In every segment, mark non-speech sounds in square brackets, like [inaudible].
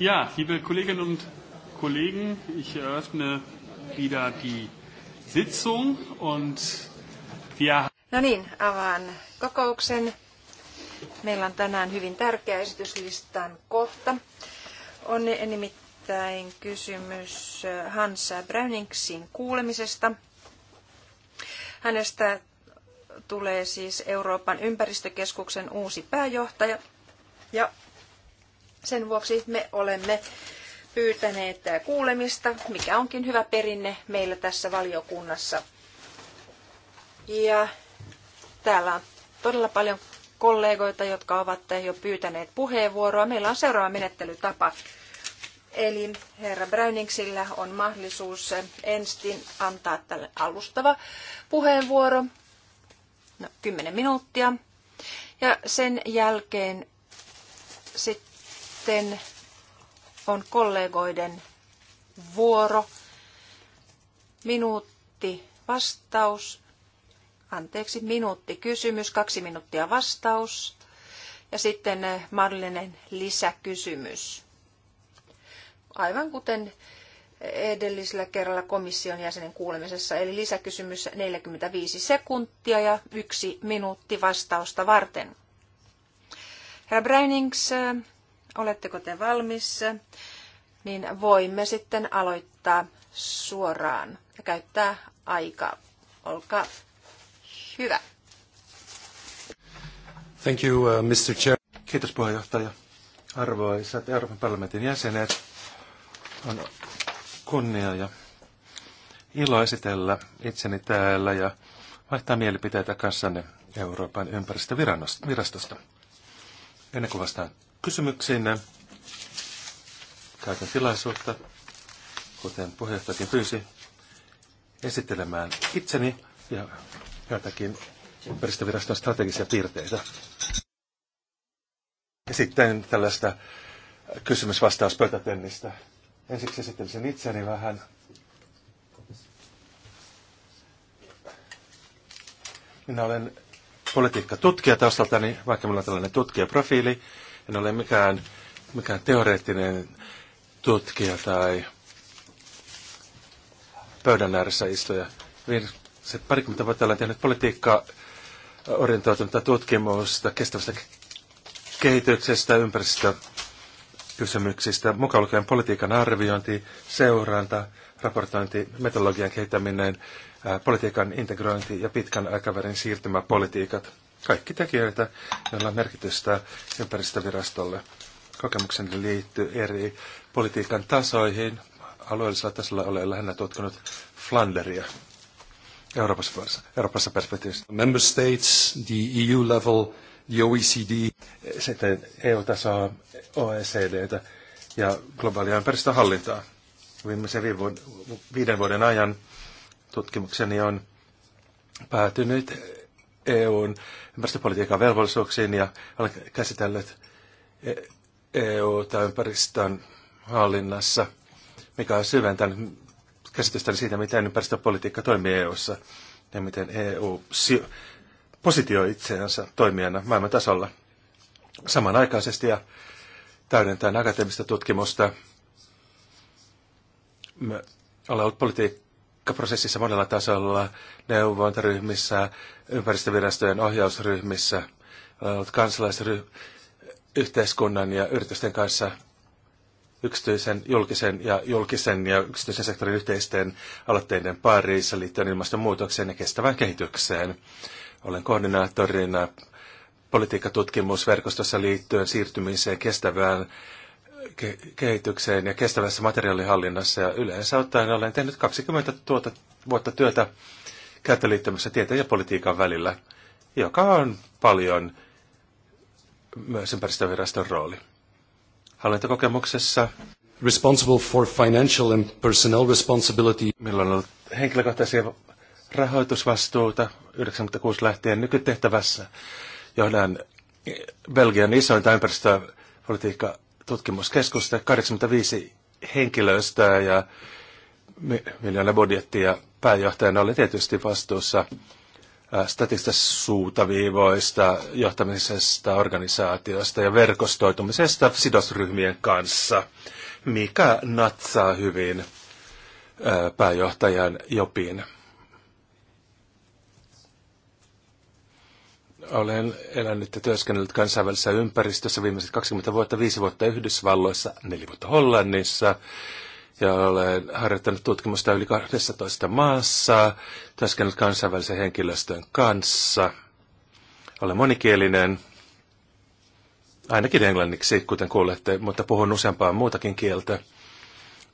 Ja, liebe Kolleginnen und Kollegen, ich eröffne wieder die Sitzung und wir... No niin, avaan kokouksen. Meillä on tänään hyvin tärkeä esityslistan kohta. On nimittäin kysymys äh, Hans Browningsin kuulemisesta. Hänestä tulee siis Euroopan ympäristökeskuksen uusi pääjohtaja ja sen vuoksi me olemme pyytäneet kuulemista, mikä onkin hyvä perinne meillä tässä valiokunnassa. Ja täällä on todella paljon kollegoita, jotka ovat jo pyytäneet puheenvuoroa. Meillä on seuraava menettelytapa. Eli herra Browningsillä on mahdollisuus ensin antaa tälle alustava puheenvuoro, no, 10 minuuttia. Ja sen jälkeen sitten sitten on kollegoiden vuoro. Minuutti vastaus. Anteeksi, minuutti kysymys, kaksi minuuttia vastaus ja sitten eh, mahdollinen lisäkysymys. Aivan kuten edellisellä kerralla komission jäsenen kuulemisessa, eli lisäkysymys 45 sekuntia ja yksi minuutti vastausta varten. Herr Breinings, eh, Oletteko te valmis? Niin voimme sitten aloittaa suoraan ja käyttää aikaa. Olkaa hyvä. Thank you, uh, Mr. Chair. Kiitos puheenjohtaja. Arvoisat Euroopan parlamentin jäsenet, on kunnia ja ilo esitellä itseni täällä ja vaihtaa mielipiteitä kanssanne Euroopan ympäristövirastosta. Ennen kuin vastaan kysymyksiinne. Käytän tilaisuutta, kuten puheenjohtajakin pyysi, esittelemään itseni ja joitakin ympäristöviraston strategisia piirteitä. Ja sitten tällaista kysymysvastauspöytätennistä. vastaus pöytätennistä. Ensiksi esittelisin itseni vähän. Minä olen politiikkatutkija taustaltani, vaikka minulla on tällainen tutkijaprofiili. profiili en ole mikään, mikään teoreettinen tutkija tai pöydän ääressä istuja. Se parikymmentä vuotta olen tehnyt politiikkaa orientoitunutta tutkimusta kestävästä kehityksestä, ympäristökysymyksistä, mukaan lukien politiikan arviointi, seuranta, raportointi, metodologian kehittäminen, politiikan integrointi ja pitkän aikavälin siirtymäpolitiikat. Kaikki tekijöitä, joilla on merkitystä ympäristövirastolle. Kokemukseni liittyy eri politiikan tasoihin. Alueellisella tasolla olen lähinnä tutkinut Flanderia. Euroopassa, Euroopassa perspektiivistä. Member states, the EU level, the OECD. Sitten EU-tasoa, OECDtä ja globaalia ympäristöhallintaa. Viimeisen viiden vuoden ajan tutkimukseni on päätynyt EUn ympäristöpolitiikan velvollisuuksiin ja olen käsitellyt e- e tai ympäristön hallinnassa, mikä on syventänyt käsitystäni siitä, miten ympäristöpolitiikka toimii EUssa ja miten EU positioi itseänsä toimijana maailman tasolla samanaikaisesti ja täydentäen akateemista tutkimusta. Me ollaan ollut politiikka politiikkaprosessissa monella tasolla, neuvontaryhmissä, ympäristövirastojen ohjausryhmissä, kansalaisyhteiskunnan ja yritysten kanssa yksityisen, julkisen ja julkisen ja yksityisen sektorin yhteisten aloitteiden parissa liittyen ilmastonmuutokseen ja kestävään kehitykseen. Olen koordinaattorina politiikkatutkimusverkostossa liittyen siirtymiseen kestävään kehitykseen ja kestävässä materiaalihallinnassa ja yleensä ottaen olen tehnyt 20 tuota vuotta työtä käyttöliittymässä tieteen ja politiikan välillä, joka on paljon myös ympäristöviraston rooli. Hallintokokemuksessa responsible for financial and personnel responsibility. Meillä on ollut henkilökohtaisia rahoitusvastuuta 96 lähtien nykytehtävässä. Johdan Belgian isointa ympäristöpolitiikkaa tutkimuskeskusta, 85 henkilöstöä ja miljoona budjettia. Pääjohtajana oli tietysti vastuussa statista suutaviivoista, johtamisesta, organisaatiosta ja verkostoitumisesta sidosryhmien kanssa, mikä natsaa hyvin pääjohtajan jopin. Olen elänyt ja työskennellyt kansainvälisessä ympäristössä viimeiset 20 vuotta, 5 vuotta Yhdysvalloissa, 4 vuotta Hollannissa. Ja olen harjoittanut tutkimusta yli 12 maassa, työskennellyt kansainvälisen henkilöstön kanssa. Olen monikielinen, ainakin englanniksi, kuten kuulette, mutta puhun useampaa muutakin kieltä.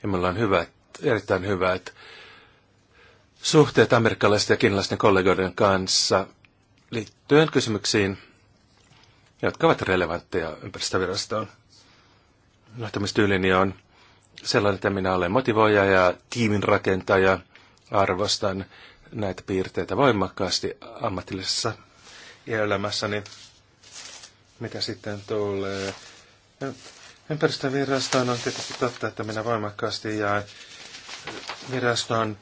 Ja meillä on hyvät, erittäin hyvät suhteet amerikkalaisten ja kiinalaisten kollegoiden kanssa liittyen kysymyksiin, jotka ovat relevantteja ympäristövirastoon. Johtamistyylini on sellainen, että minä olen motivoija ja tiimin rakentaja. Arvostan näitä piirteitä voimakkaasti ammatillisessa elämässäni. Mitä sitten tulee ympäristövirastoon, on tietysti totta, että minä voimakkaasti ja viraston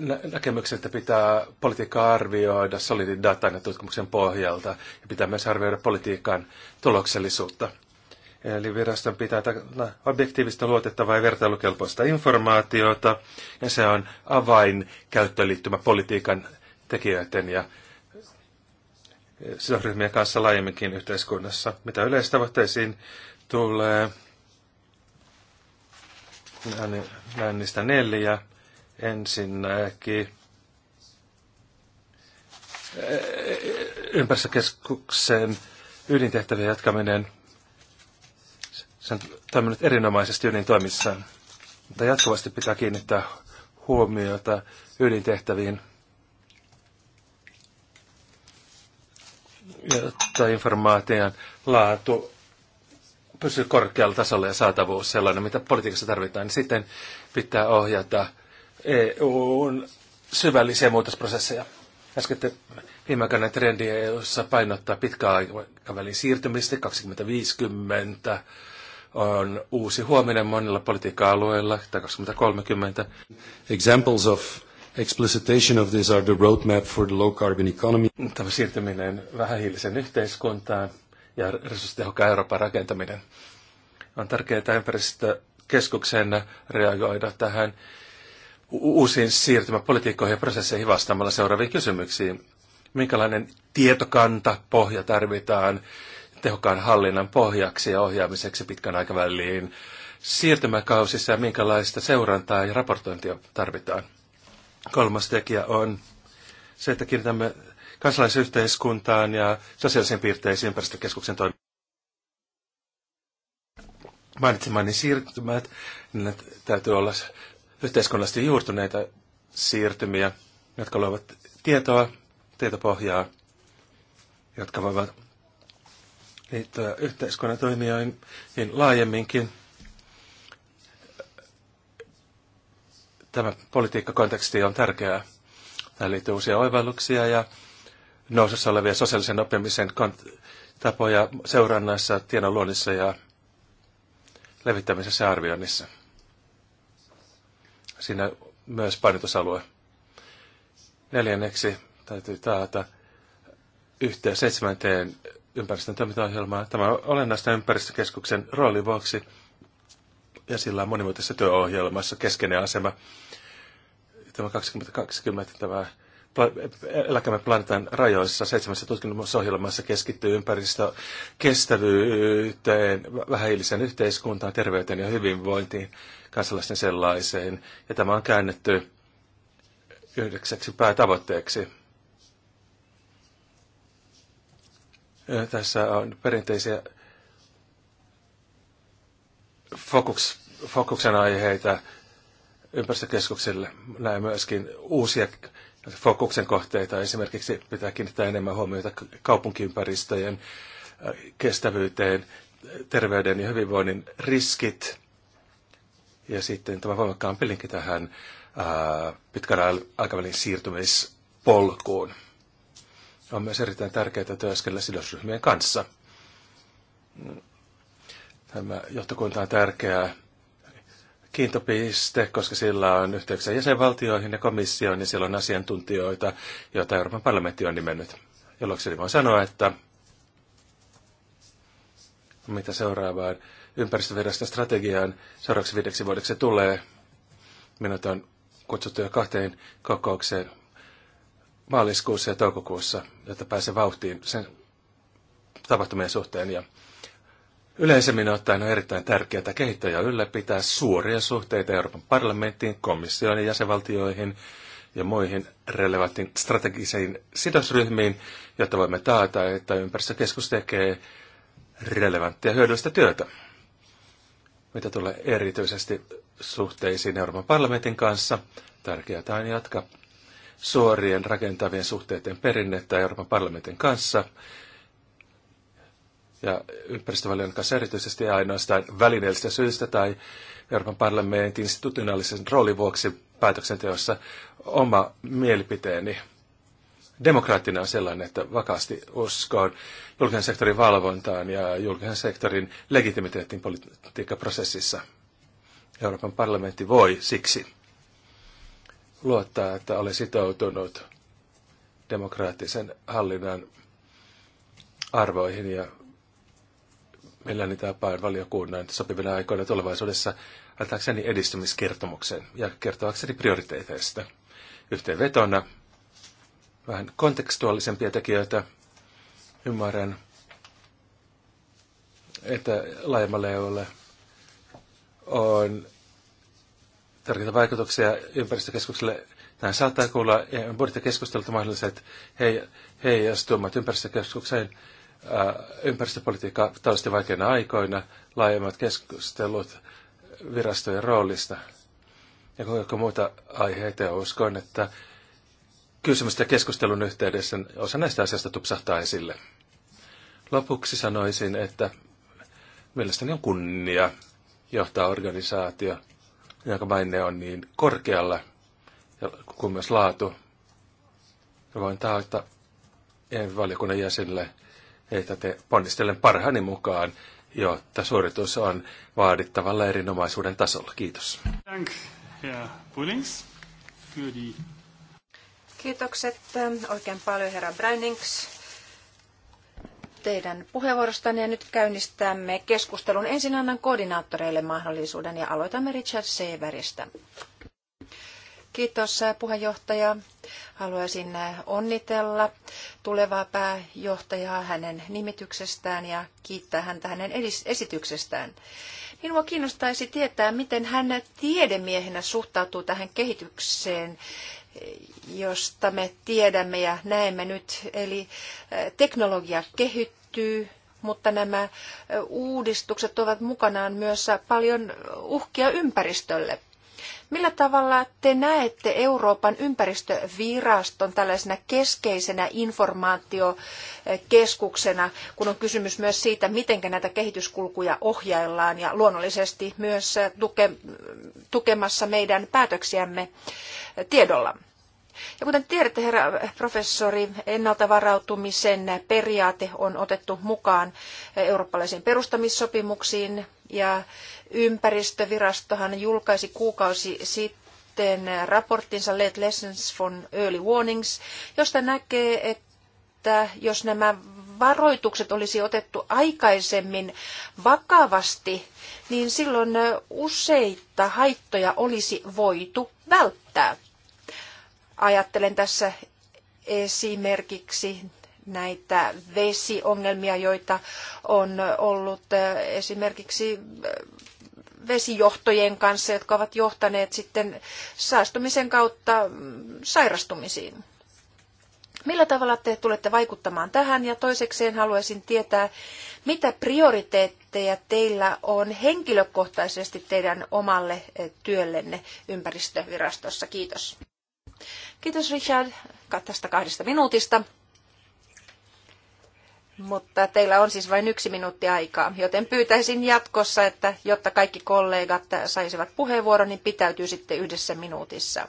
nä- näkemyksen, että pitää politiikkaa arvioida solidin datan ja tutkimuksen pohjalta ja pitää myös arvioida politiikan tuloksellisuutta. Eli viraston pitää tätä objektiivista, luotettavaa ja vertailukelpoista informaatiota, ja se on avain käyttöliittymä politiikan tekijöiden ja sidosryhmien kanssa laajemminkin yhteiskunnassa. Mitä yleistavoitteisiin tulee, näin niistä neljä. Ensinnäkin eh, ympäristökeskuksen ydintehtävien jatkaminen. Se on toiminut erinomaisesti ydintoimissaan, mutta jatkuvasti pitää kiinnittää huomiota ydintehtäviin, jotta informaation laatu pysyy korkealla tasolla ja saatavuus sellainen, mitä politiikassa tarvitaan, niin sitten pitää ohjata EUn syvällisiä muutosprosesseja. Äsken viimeaikainen trendi EUssa painottaa pitkäaikavälin siirtymistä 2050 on uusi huominen monilla politiikka-alueilla tai 2030. Examples of explicitation of this are the roadmap for the low carbon economy. Tämä siirtyminen vähähiilisen yhteiskuntaan ja resurssitehokkaan Euroopan rakentaminen. On tärkeää ympäristökeskuksen reagoida tähän uusiin siirtymäpolitiikkoihin ja prosesseihin vastaamalla seuraaviin kysymyksiin. Minkälainen tietokanta, pohja tarvitaan tehokkaan hallinnan pohjaksi ja ohjaamiseksi pitkän aikaväliin siirtymäkausissa ja minkälaista seurantaa ja raportointia tarvitaan? Kolmas tekijä on se, että kiinnitämme kansalaisyhteiskuntaan ja sosiaalisiin piirteisiin ympäristökeskuksen toimintaan mainitsemani siirtymät, niin täytyy olla yhteiskunnallisesti juurtuneita siirtymiä, jotka luovat tietoa, tietopohjaa, jotka voivat liittyä yhteiskunnan toimijoihin laajemminkin. Tämä politiikkakonteksti on tärkeää. Tähän liittyy uusia oivalluksia ja nousussa olevia sosiaalisen oppimisen tapoja seurannassa, tiedon luonnissa ja levittämisessä ja arvioinnissa siinä myös painotusalue. Neljänneksi täytyy taata yhteen seitsemänteen ympäristön toimintaohjelmaa. Tämä on olennaista ympäristökeskuksen roolin vuoksi ja sillä on monimuotoisessa työohjelmassa keskeinen asema. Tämä 2020 tämä eläkämme planeetan rajoissa seitsemässä tutkimusohjelmassa keskittyy ympäristö kestävyyteen, vähäiliseen yhteiskuntaan, terveyteen ja hyvinvointiin kansalaisten sellaiseen, ja tämä on käännetty yhdeksäksi päätavoitteeksi. Tässä on perinteisiä fokus, fokuksen aiheita ympäristökeskukselle. Näin myöskin uusia fokuksen kohteita. Esimerkiksi pitää kiinnittää enemmän huomiota kaupunkiympäristöjen kestävyyteen, terveyden ja hyvinvoinnin riskit – ja sitten tämä voimakkaampi linkki tähän ää, pitkän aikavälin siirtymispolkuun. On myös erittäin tärkeää työskennellä sidosryhmien kanssa. Tämä johtokunta on tärkeää kiintopiste, koska sillä on yhteyksiä jäsenvaltioihin ja komissioon, niin siellä on asiantuntijoita, joita Euroopan parlamentti on nimennyt. Jolloin voin sanoa, että mitä seuraavaan ympäristöviraston strategiaan seuraavaksi viideksi vuodeksi tulee. Minut on kutsuttu jo kahteen kokoukseen maaliskuussa ja toukokuussa, jotta pääsen vauhtiin sen tapahtumien suhteen. Ja yleisemmin ottaen on erittäin tärkeää kehittää ja ylläpitää suoria suhteita Euroopan parlamenttiin, komissioon ja jäsenvaltioihin ja muihin relevantin strategisiin sidosryhmiin, jotta voimme taata, että ympäristökeskus tekee relevanttia hyödyllistä työtä mitä tulee erityisesti suhteisiin Euroopan parlamentin kanssa. Tärkeää on jatkaa suorien rakentavien suhteiden perinnettä Euroopan parlamentin kanssa ja ympäristövaliokunnan kanssa erityisesti ja ainoastaan välineellisistä syistä tai Euroopan parlamentin institutionaalisen roolin vuoksi päätöksenteossa oma mielipiteeni demokraattinen on sellainen, että vakaasti uskoon julkisen sektorin valvontaan ja julkisen sektorin legitimiteettiin politiikkaprosessissa. Euroopan parlamentti voi siksi luottaa, että olen sitoutunut demokraattisen hallinnan arvoihin ja niitä tapaan valiokunnan sopivina aikoina tulevaisuudessa antaakseni edistymiskertomuksen ja kertoakseni prioriteeteista. Yhteenvetona vähän kontekstuaalisempia tekijöitä. Ymmärrän, että laajemmalle EUlle on tärkeitä vaikutuksia ympäristökeskukselle. Tähän saattaa kuulla budjettikeskustelut mahdolliset heijastumat ympäristökeskukseen äh, ympäristöpolitiikka tausti vaikeina aikoina, laajemmat keskustelut virastojen roolista ja kuinka muuta aiheita. Ja uskon, että kysymystä keskustelun yhteydessä niin osa näistä asioista tupsahtaa esille. Lopuksi sanoisin, että mielestäni on kunnia johtaa organisaatio, jonka maine on niin korkealla kuin myös laatu. Ja voin taata valiokunnan jäsenille, että te ponnistelen parhaani mukaan, jotta suoritus on vaadittavalla erinomaisuuden tasolla. Kiitos. Dank, Herr Kiitokset ähm, oikein paljon herra Brennings teidän puheenvuorostanne ja nyt käynnistämme keskustelun. Ensin annan koordinaattoreille mahdollisuuden ja aloitamme Richard Severistä. Kiitos äh, puheenjohtaja. Haluaisin äh, onnitella tulevaa pääjohtajaa hänen nimityksestään ja kiittää häntä hänen esityksestään. Minua kiinnostaisi tietää, miten hän tiedemiehenä suhtautuu tähän kehitykseen, josta me tiedämme ja näemme nyt. Eli teknologia kehittyy, mutta nämä uudistukset ovat mukanaan myös paljon uhkia ympäristölle. Millä tavalla te näette Euroopan ympäristöviraston tällaisena keskeisenä informaatiokeskuksena, kun on kysymys myös siitä, miten näitä kehityskulkuja ohjaillaan ja luonnollisesti myös tuke, tukemassa meidän päätöksiämme tiedolla? Ja kuten tiedätte, herra professori, ennalta varautumisen periaate on otettu mukaan eurooppalaisiin perustamissopimuksiin ja ympäristövirastohan julkaisi kuukausi sitten raporttinsa Late Lessons from Early Warnings, josta näkee, että jos nämä varoitukset olisi otettu aikaisemmin vakavasti, niin silloin useita haittoja olisi voitu välttää. Ajattelen tässä esimerkiksi näitä vesiongelmia, joita on ollut äh, esimerkiksi äh, vesijohtojen kanssa, jotka ovat johtaneet sitten saastumisen kautta mm, sairastumisiin. Millä tavalla te tulette vaikuttamaan tähän? Ja toisekseen haluaisin tietää, mitä prioriteetteja teillä on henkilökohtaisesti teidän omalle äh, työllenne ympäristövirastossa? Kiitos. Kiitos Richard tästä kahdesta minuutista. Mutta teillä on siis vain yksi minuutti aikaa, joten pyytäisin jatkossa, että jotta kaikki kollegat saisivat puheenvuoron, niin pitäytyy sitten yhdessä minuutissa.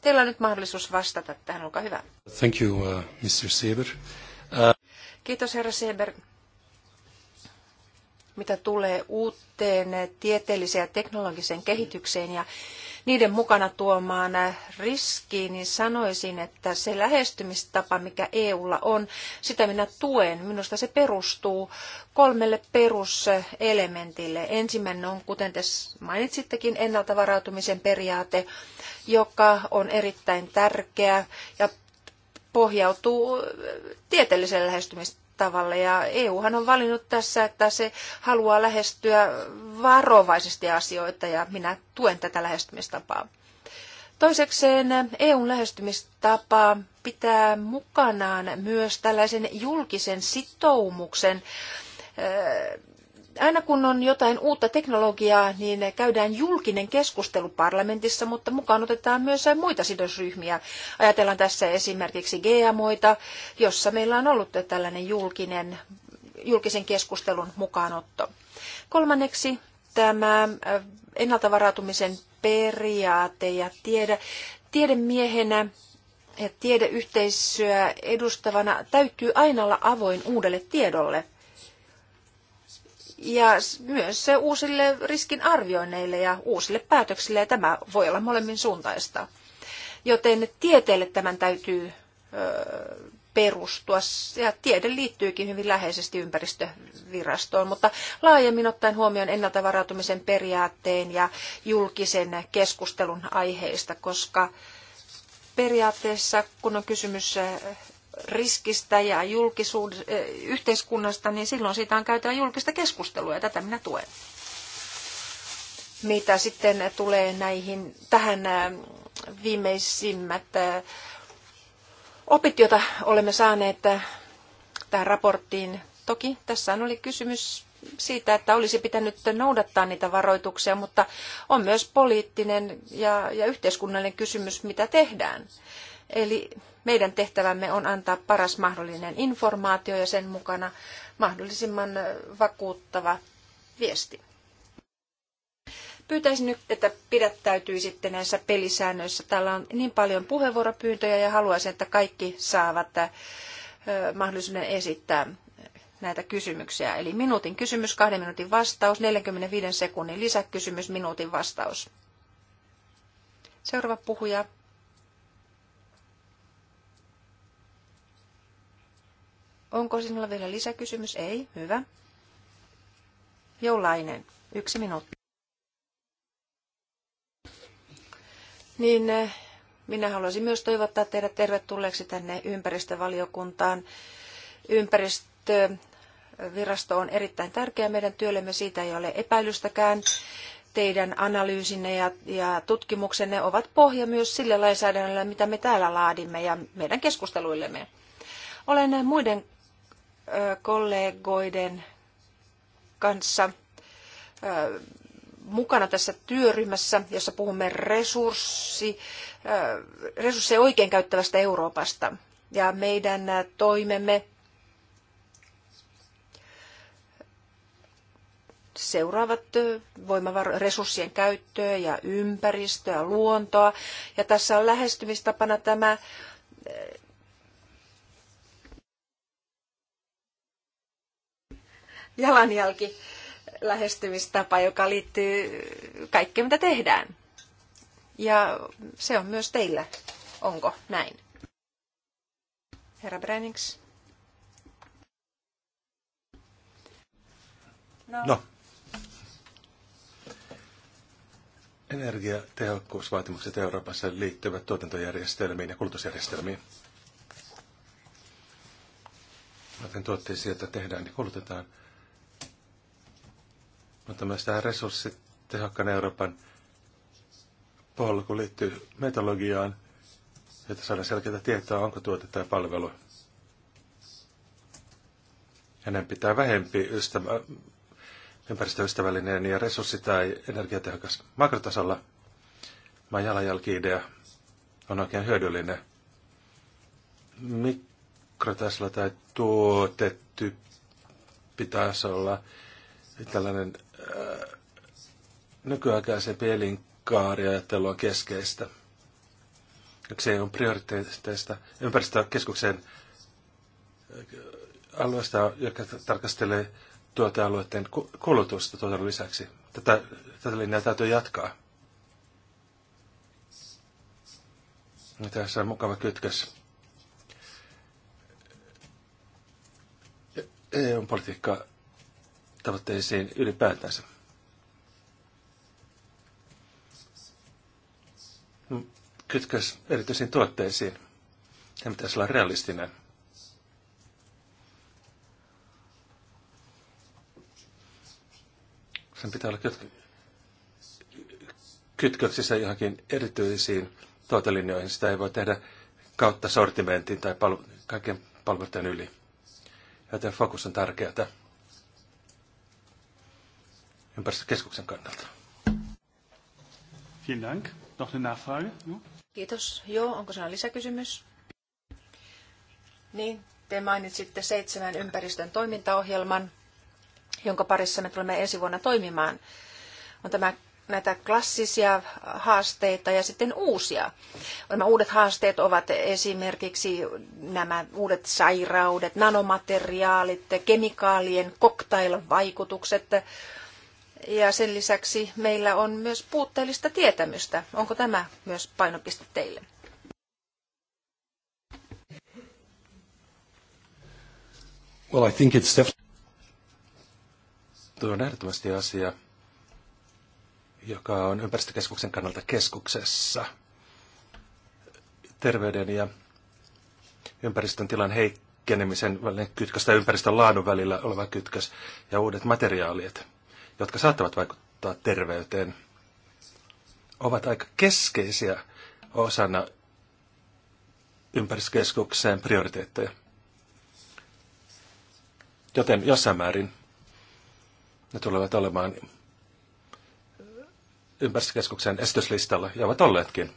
Teillä on nyt mahdollisuus vastata tähän, olkaa hyvä. Thank you, uh, Mr. Sieber. Uh... Kiitos, herra Sieber. Mitä tulee uuteen tieteelliseen ja teknologiseen kehitykseen ja niiden mukana tuomaan riskiin, niin sanoisin, että se lähestymistapa, mikä EUlla on, sitä minä tuen. Minusta se perustuu kolmelle peruselementille. Ensimmäinen on, kuten te mainitsittekin, ennalta varautumisen periaate, joka on erittäin tärkeä ja pohjautuu tieteelliseen lähestymistapaan tavalla. Ja EUhan on valinnut tässä, että se haluaa lähestyä varovaisesti asioita ja minä tuen tätä lähestymistapaa. Toisekseen EUn lähestymistapa pitää mukanaan myös tällaisen julkisen sitoumuksen aina kun on jotain uutta teknologiaa, niin käydään julkinen keskustelu parlamentissa, mutta mukaan otetaan myös muita sidosryhmiä. Ajatellaan tässä esimerkiksi GMOita, jossa meillä on ollut tällainen julkinen, julkisen keskustelun mukaanotto. Kolmanneksi tämä äh, ennalta varautumisen periaate ja tiede tiedemiehenä ja tiedeyhteisöä edustavana täytyy aina olla avoin uudelle tiedolle ja myös uusille riskinarvioinneille ja uusille päätöksille, ja tämä voi olla molemmin suuntaista. Joten tieteelle tämän täytyy perustua, ja tiede liittyykin hyvin läheisesti ympäristövirastoon, mutta laajemmin ottaen huomioon ennaltavarautumisen periaatteen ja julkisen keskustelun aiheista, koska periaatteessa, kun on kysymys riskistä ja eh, yhteiskunnasta, niin silloin siitä on käytävä julkista keskustelua ja tätä minä tuen. Mitä sitten tulee näihin, tähän viimeisimmät opit, joita olemme saaneet tähän raporttiin. Toki tässä oli kysymys siitä, että olisi pitänyt noudattaa niitä varoituksia, mutta on myös poliittinen ja, ja yhteiskunnallinen kysymys, mitä tehdään. Eli meidän tehtävämme on antaa paras mahdollinen informaatio ja sen mukana mahdollisimman vakuuttava viesti. Pyytäisin nyt, että pidättäytyisitte näissä pelisäännöissä. Täällä on niin paljon puheenvuoropyyntöjä ja haluaisin, että kaikki saavat mahdollisuuden esittää näitä kysymyksiä. Eli minuutin kysymys, kahden minuutin vastaus, 45 sekunnin lisäkysymys, minuutin vastaus. Seuraava puhuja, Onko sinulla vielä lisäkysymys? Ei. Hyvä. Joulainen. Yksi minuutti. Niin eh, minä haluaisin myös toivottaa teidät tervetulleeksi tänne ympäristövaliokuntaan. Ympäristövirasto on erittäin tärkeä meidän työllemme, siitä ei ole epäilystäkään. Teidän analyysinne ja, ja tutkimuksenne ovat pohja myös sille lainsäädännölle, mitä me täällä laadimme ja meidän keskusteluillemme. Olen muiden kollegoiden kanssa mukana tässä työryhmässä, jossa puhumme resurssi, resursseja oikein käyttävästä Euroopasta. Ja meidän toimemme seuraavat voimavaro- resurssien käyttöä ja ympäristöä, luontoa. Ja tässä on lähestymistapana tämä jalanjälki lähestymistapa, joka liittyy kaikkeen, mitä tehdään. Ja se on myös teillä. Onko näin? Herra Brennings. No. no. Energiatehokkuusvaatimukset Euroopassa liittyvät tuotantojärjestelmiin ja kulutusjärjestelmiin. Joten tuotteisiin, joita tehdään ja niin kulutetaan – mutta myös tähän resurssitehokkaan Euroopan polku liittyy metodologiaan, jotta saadaan selkeää tietoa, onko tuote tai palvelu. Hänen pitää vähempi ystävä, ympäristöystävällinen ja resurssi- tai energiatehokas makrotasolla. Mä jalanjälki-idea on oikein hyödyllinen. Mikrotasolla tai tuotetyyppitasolla tällainen nykyaikaisempi elinkaariajattelu on keskeistä. Se on prioriteetteista ympäristökeskuksen alueesta, joka tarkastelee tuotealueiden kulutusta tuotannon lisäksi. Tätä, tätä linjaa täytyy jatkaa. Tässä on mukava kytkös. EU-politiikka e tavoitteeseen ylipäätänsä. Kytkös erityisiin tuotteisiin. Se pitäisi olla realistinen. Sen pitää olla kytkö- kytköksissä johonkin erityisiin tuotelinjoihin. Sitä ei voi tehdä kautta sortimentin tai pal- kaiken palveluiden yli. Joten fokus on tärkeää ympäristökeskuksen kannalta. Vielen Dank. Noch eine Nachfrage? Hm? Kiitos. Joo, onko sinulla lisäkysymys? Niin, te mainitsitte seitsemän ympäristön toimintaohjelman, jonka parissa me tulemme ensi vuonna toimimaan. On tämä näitä klassisia haasteita ja sitten uusia. Nämä uudet haasteet ovat esimerkiksi nämä uudet sairaudet, nanomateriaalit, kemikaalien koktailvaikutukset, vaikutukset ja sen lisäksi meillä on myös puutteellista tietämystä. Onko tämä myös painopiste teille? Well, I think it's definitely... Tuo on ehdottomasti asia, joka on ympäristökeskuksen kannalta keskuksessa. Terveyden ja ympäristön tilan heikkenemisen välinen kytkös tai ympäristön laadun välillä oleva kytkös ja uudet materiaalit jotka saattavat vaikuttaa terveyteen, ovat aika keskeisiä osana ympäristökeskuksen prioriteetteja. Joten jossain määrin ne tulevat olemaan ympäristökeskuksen esityslistalla ja ovat olleetkin,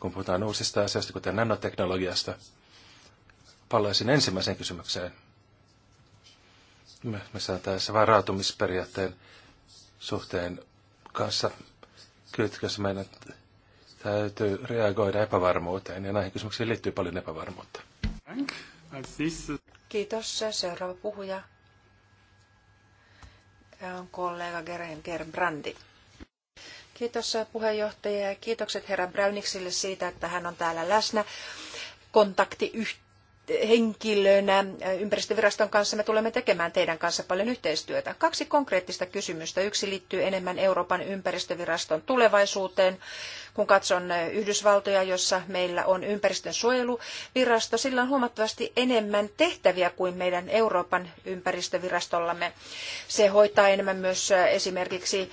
kun puhutaan uusista asioista, kuten nanoteknologiasta. Palaisin ensimmäiseen kysymykseen – me, me se varautumisperiaatteen suhteen kanssa kytkössä. Meidän täytyy reagoida epävarmuuteen ja näihin kysymyksiin liittyy paljon epävarmuutta. Kiitos. Seuraava puhuja on kollega Geren Gerbrandi. Kiitos puheenjohtaja ja kiitokset herra Browniksille siitä, että hän on täällä läsnä kontaktiyhteydessä henkilönä ympäristöviraston kanssa me tulemme tekemään teidän kanssa paljon yhteistyötä. Kaksi konkreettista kysymystä. Yksi liittyy enemmän Euroopan ympäristöviraston tulevaisuuteen. Kun katson Yhdysvaltoja, jossa meillä on ympäristönsuojeluvirasto, sillä on huomattavasti enemmän tehtäviä kuin meidän Euroopan ympäristövirastollamme. Se hoitaa enemmän myös esimerkiksi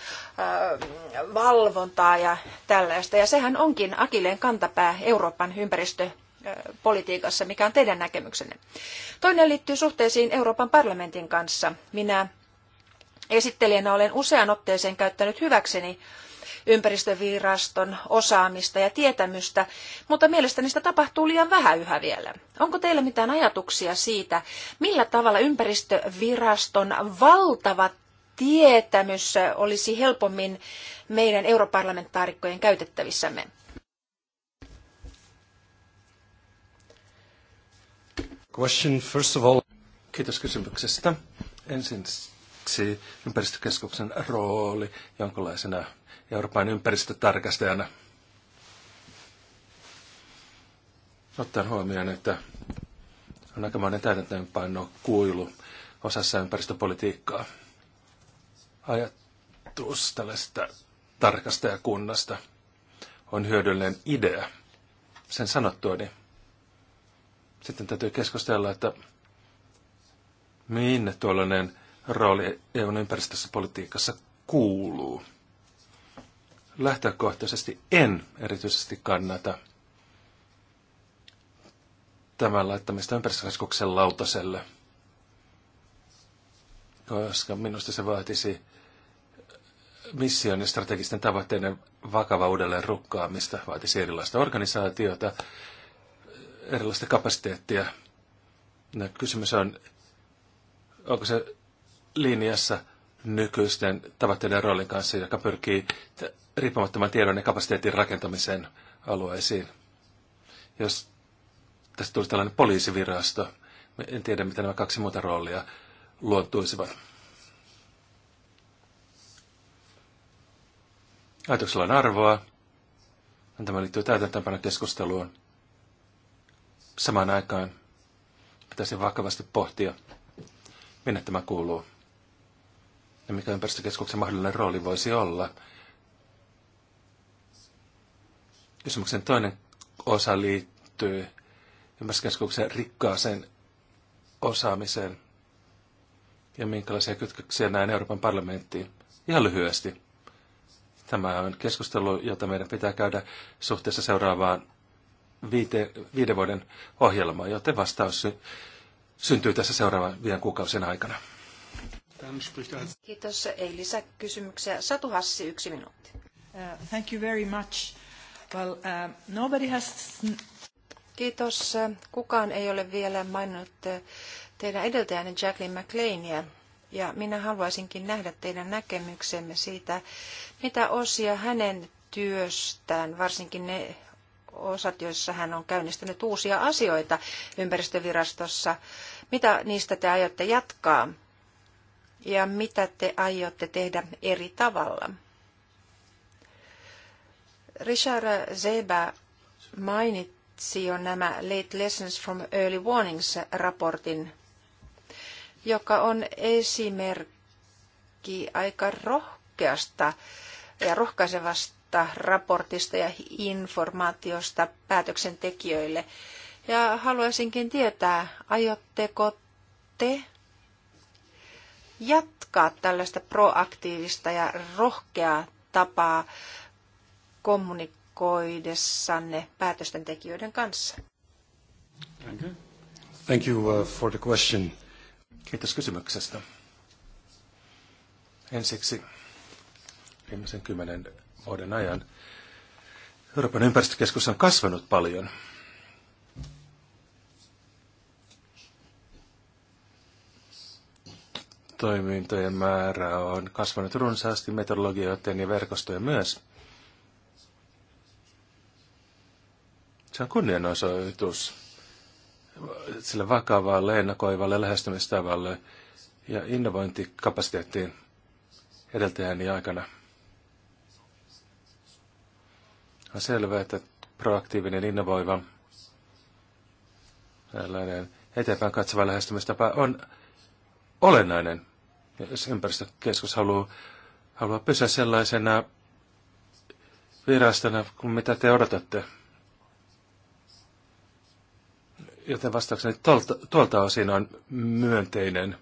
valvontaa ja tällaista. Ja sehän onkin Akileen kantapää Euroopan ympäristövirastolle politiikassa. Mikä on teidän näkemyksenne? Toinen liittyy suhteisiin Euroopan parlamentin kanssa. Minä esittelijänä olen usean otteeseen käyttänyt hyväkseni ympäristöviraston osaamista ja tietämystä, mutta mielestäni sitä tapahtuu liian vähän yhä vielä. Onko teillä mitään ajatuksia siitä, millä tavalla ympäristöviraston valtava tietämys olisi helpommin meidän europarlamentaarikkojen käytettävissämme? Question first of all. Kiitos kysymyksestä. Ensiksi ympäristökeskuksen rooli jonkinlaisena Euroopan ympäristötarkastajana. Ottaen huomioon, että on aikamoinen täytäntöönpano kuilu osassa ympäristöpolitiikkaa. Ajatus tällaista tarkastajakunnasta on hyödyllinen idea. Sen sanottua, niin sitten täytyy keskustella, että minne tuollainen rooli EUn ympäristössä politiikassa kuuluu. Lähtökohtaisesti en erityisesti kannata tämän laittamista ympäristökeskuksen lautaselle, koska minusta se vaatisi mission ja strategisten tavoitteiden vakava uudelleen rukkaamista, vaatisi erilaista organisaatiota, erilaista kapasiteettia. No, kysymys on, onko se linjassa nykyisten tavoitteiden roolin kanssa, joka pyrkii riippumattoman tiedon ja kapasiteetin rakentamiseen alueisiin. Jos tästä tulisi tällainen poliisivirasto, en tiedä, miten nämä kaksi muuta roolia luontuisivat. Ajatuksella on arvoa. Tämä liittyy täytäntöönpano keskusteluun samaan aikaan pitäisi vakavasti pohtia, minne tämä kuuluu ja mikä ympäristökeskuksen mahdollinen rooli voisi olla. Kysymyksen toinen osa liittyy ympäristökeskuksen rikkaaseen osaamiseen ja minkälaisia kytköksiä näin Euroopan parlamenttiin. Ihan lyhyesti. Tämä on keskustelu, jota meidän pitää käydä suhteessa seuraavaan viite, viiden vuoden ohjelmaa, joten vastaus syntyy tässä seuraavan viiden kuukausien aikana. Kiitos. Ei lisää kysymyksiä. Satu Hassi, yksi minuutti. Uh, thank you very much. Well, uh, nobody has... Kiitos. Kukaan ei ole vielä maininnut uh, teidän edeltäjänne Jacqueline McLeania. Ja minä haluaisinkin nähdä teidän näkemyksemme siitä, mitä osia hänen työstään, varsinkin ne osat, joissa hän on käynnistänyt uusia asioita ympäristövirastossa. Mitä niistä te aiotte jatkaa ja mitä te aiotte tehdä eri tavalla? Richard Zeba mainitsi jo nämä Late Lessons from Early Warnings-raportin, joka on esimerkki aika rohkeasta ja rohkaisevasta tietoisuutta raportista ja informaatiosta päätöksentekijöille. Ja haluaisinkin tietää, aiotteko te jatkaa tällaista proaktiivista ja rohkeaa tapaa kommunikoidessanne päätösten tekijöiden kanssa? Thank you uh, for the question. Kiitos kysymyksestä. Ensiksi viimeisen kymmenen vuoden ajan. Euroopan ympäristökeskus on kasvanut paljon. Toimintojen määrä on kasvanut runsaasti metodologioiden ja verkostojen myös. Se on kunnianosoitus sille vakavalle, ennakoivalle lähestymistavalle ja innovointikapasiteettiin edeltäjäni aikana. On selvää, että proaktiivinen, innovoiva, tällainen eteenpäin katsova lähestymistapa on olennainen, jos ympäristökeskus haluaa, haluaa pysyä sellaisena virastona kuin mitä te odotatte. Joten vastaukseni tuolta, tuolta osin on myönteinen.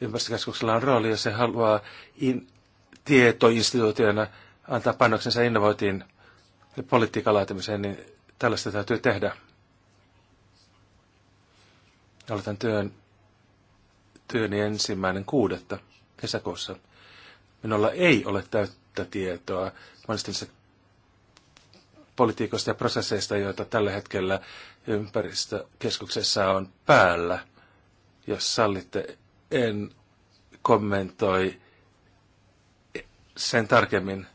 Ympäristökeskuksella on rooli, jos se haluaa in, tietoinstituutiona antaa panoksensa innovointiin ja politiikan laatimiseen, niin tällaista täytyy tehdä. Aloitan työn, työni ensimmäinen kuudetta kesäkuussa. Minulla ei ole täyttä tietoa monista politiikoista ja prosesseista, joita tällä hetkellä ympäristökeskuksessa on päällä. Jos sallitte, en kommentoi sen tarkemmin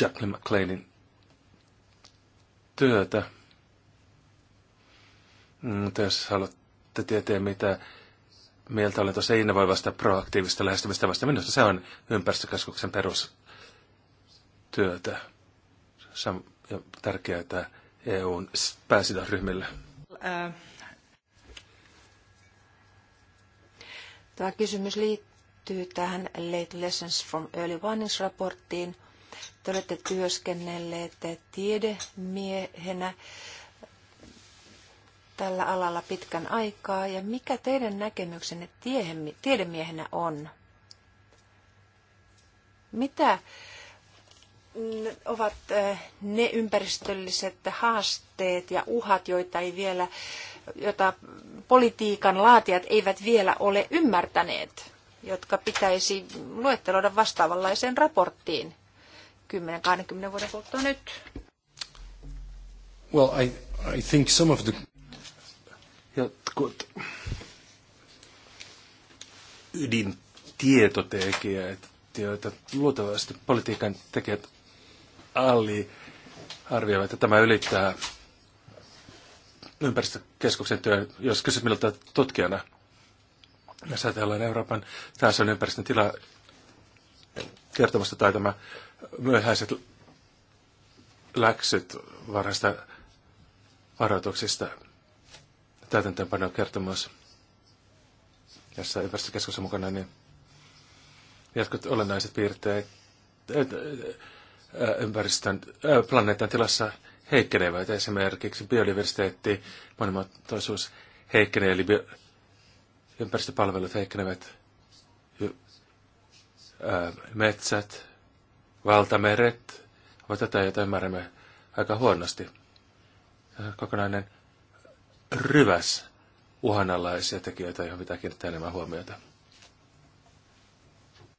Jacqueline McLeanin työtä. Mutta mm, jos haluatte tietää, mitä mieltä olen tuossa innovoivasta proaktiivista lähestymistä vasta, minusta se on ympäristökeskuksen perustyötä. Se on tärkeää, että EUn pääsidosryhmille. Tämä kysymys liittyy liittyy tähän Late Lessons from Early Warnings-raporttiin. Te olette työskennelleet tiedemiehenä tällä alalla pitkän aikaa, ja mikä teidän näkemyksenne tiedemiehenä on? Mitä ovat eh, ne ympäristölliset haasteet ja uhat, joita ei vielä, jota politiikan laatijat eivät vielä ole ymmärtäneet? jotka pitäisi luetteloida vastaavanlaiseen raporttiin 10-20 vuoden kuluttua nyt? Well, I, I think some of the... Jotkut ydintietotekijät, joita luultavasti politiikan tekijät alli arvioivat, että tämä ylittää ympäristökeskuksen työ, jos kysyt minulta tutkijana, jos ajatellaan Euroopan tässä on ympäristön tila kertomasta tai tämä myöhäiset läksyt varhaista varoituksista täytäntöönpano kertomus, tässä ympäristökeskossa mukana, niin jotkut olennaiset piirteet ympäristön, planeetan tilassa heikkenevät. Esimerkiksi biodiversiteetti, monimuotoisuus heikkenee, eli bio- ympäristöpalvelut heikkenevät, metsät, valtameret ovat tätä, jota ymmärrämme aika huonosti. Kokonainen ryväs uhanalaisia tekijöitä, joihin pitää kiinnittää enemmän huomiota.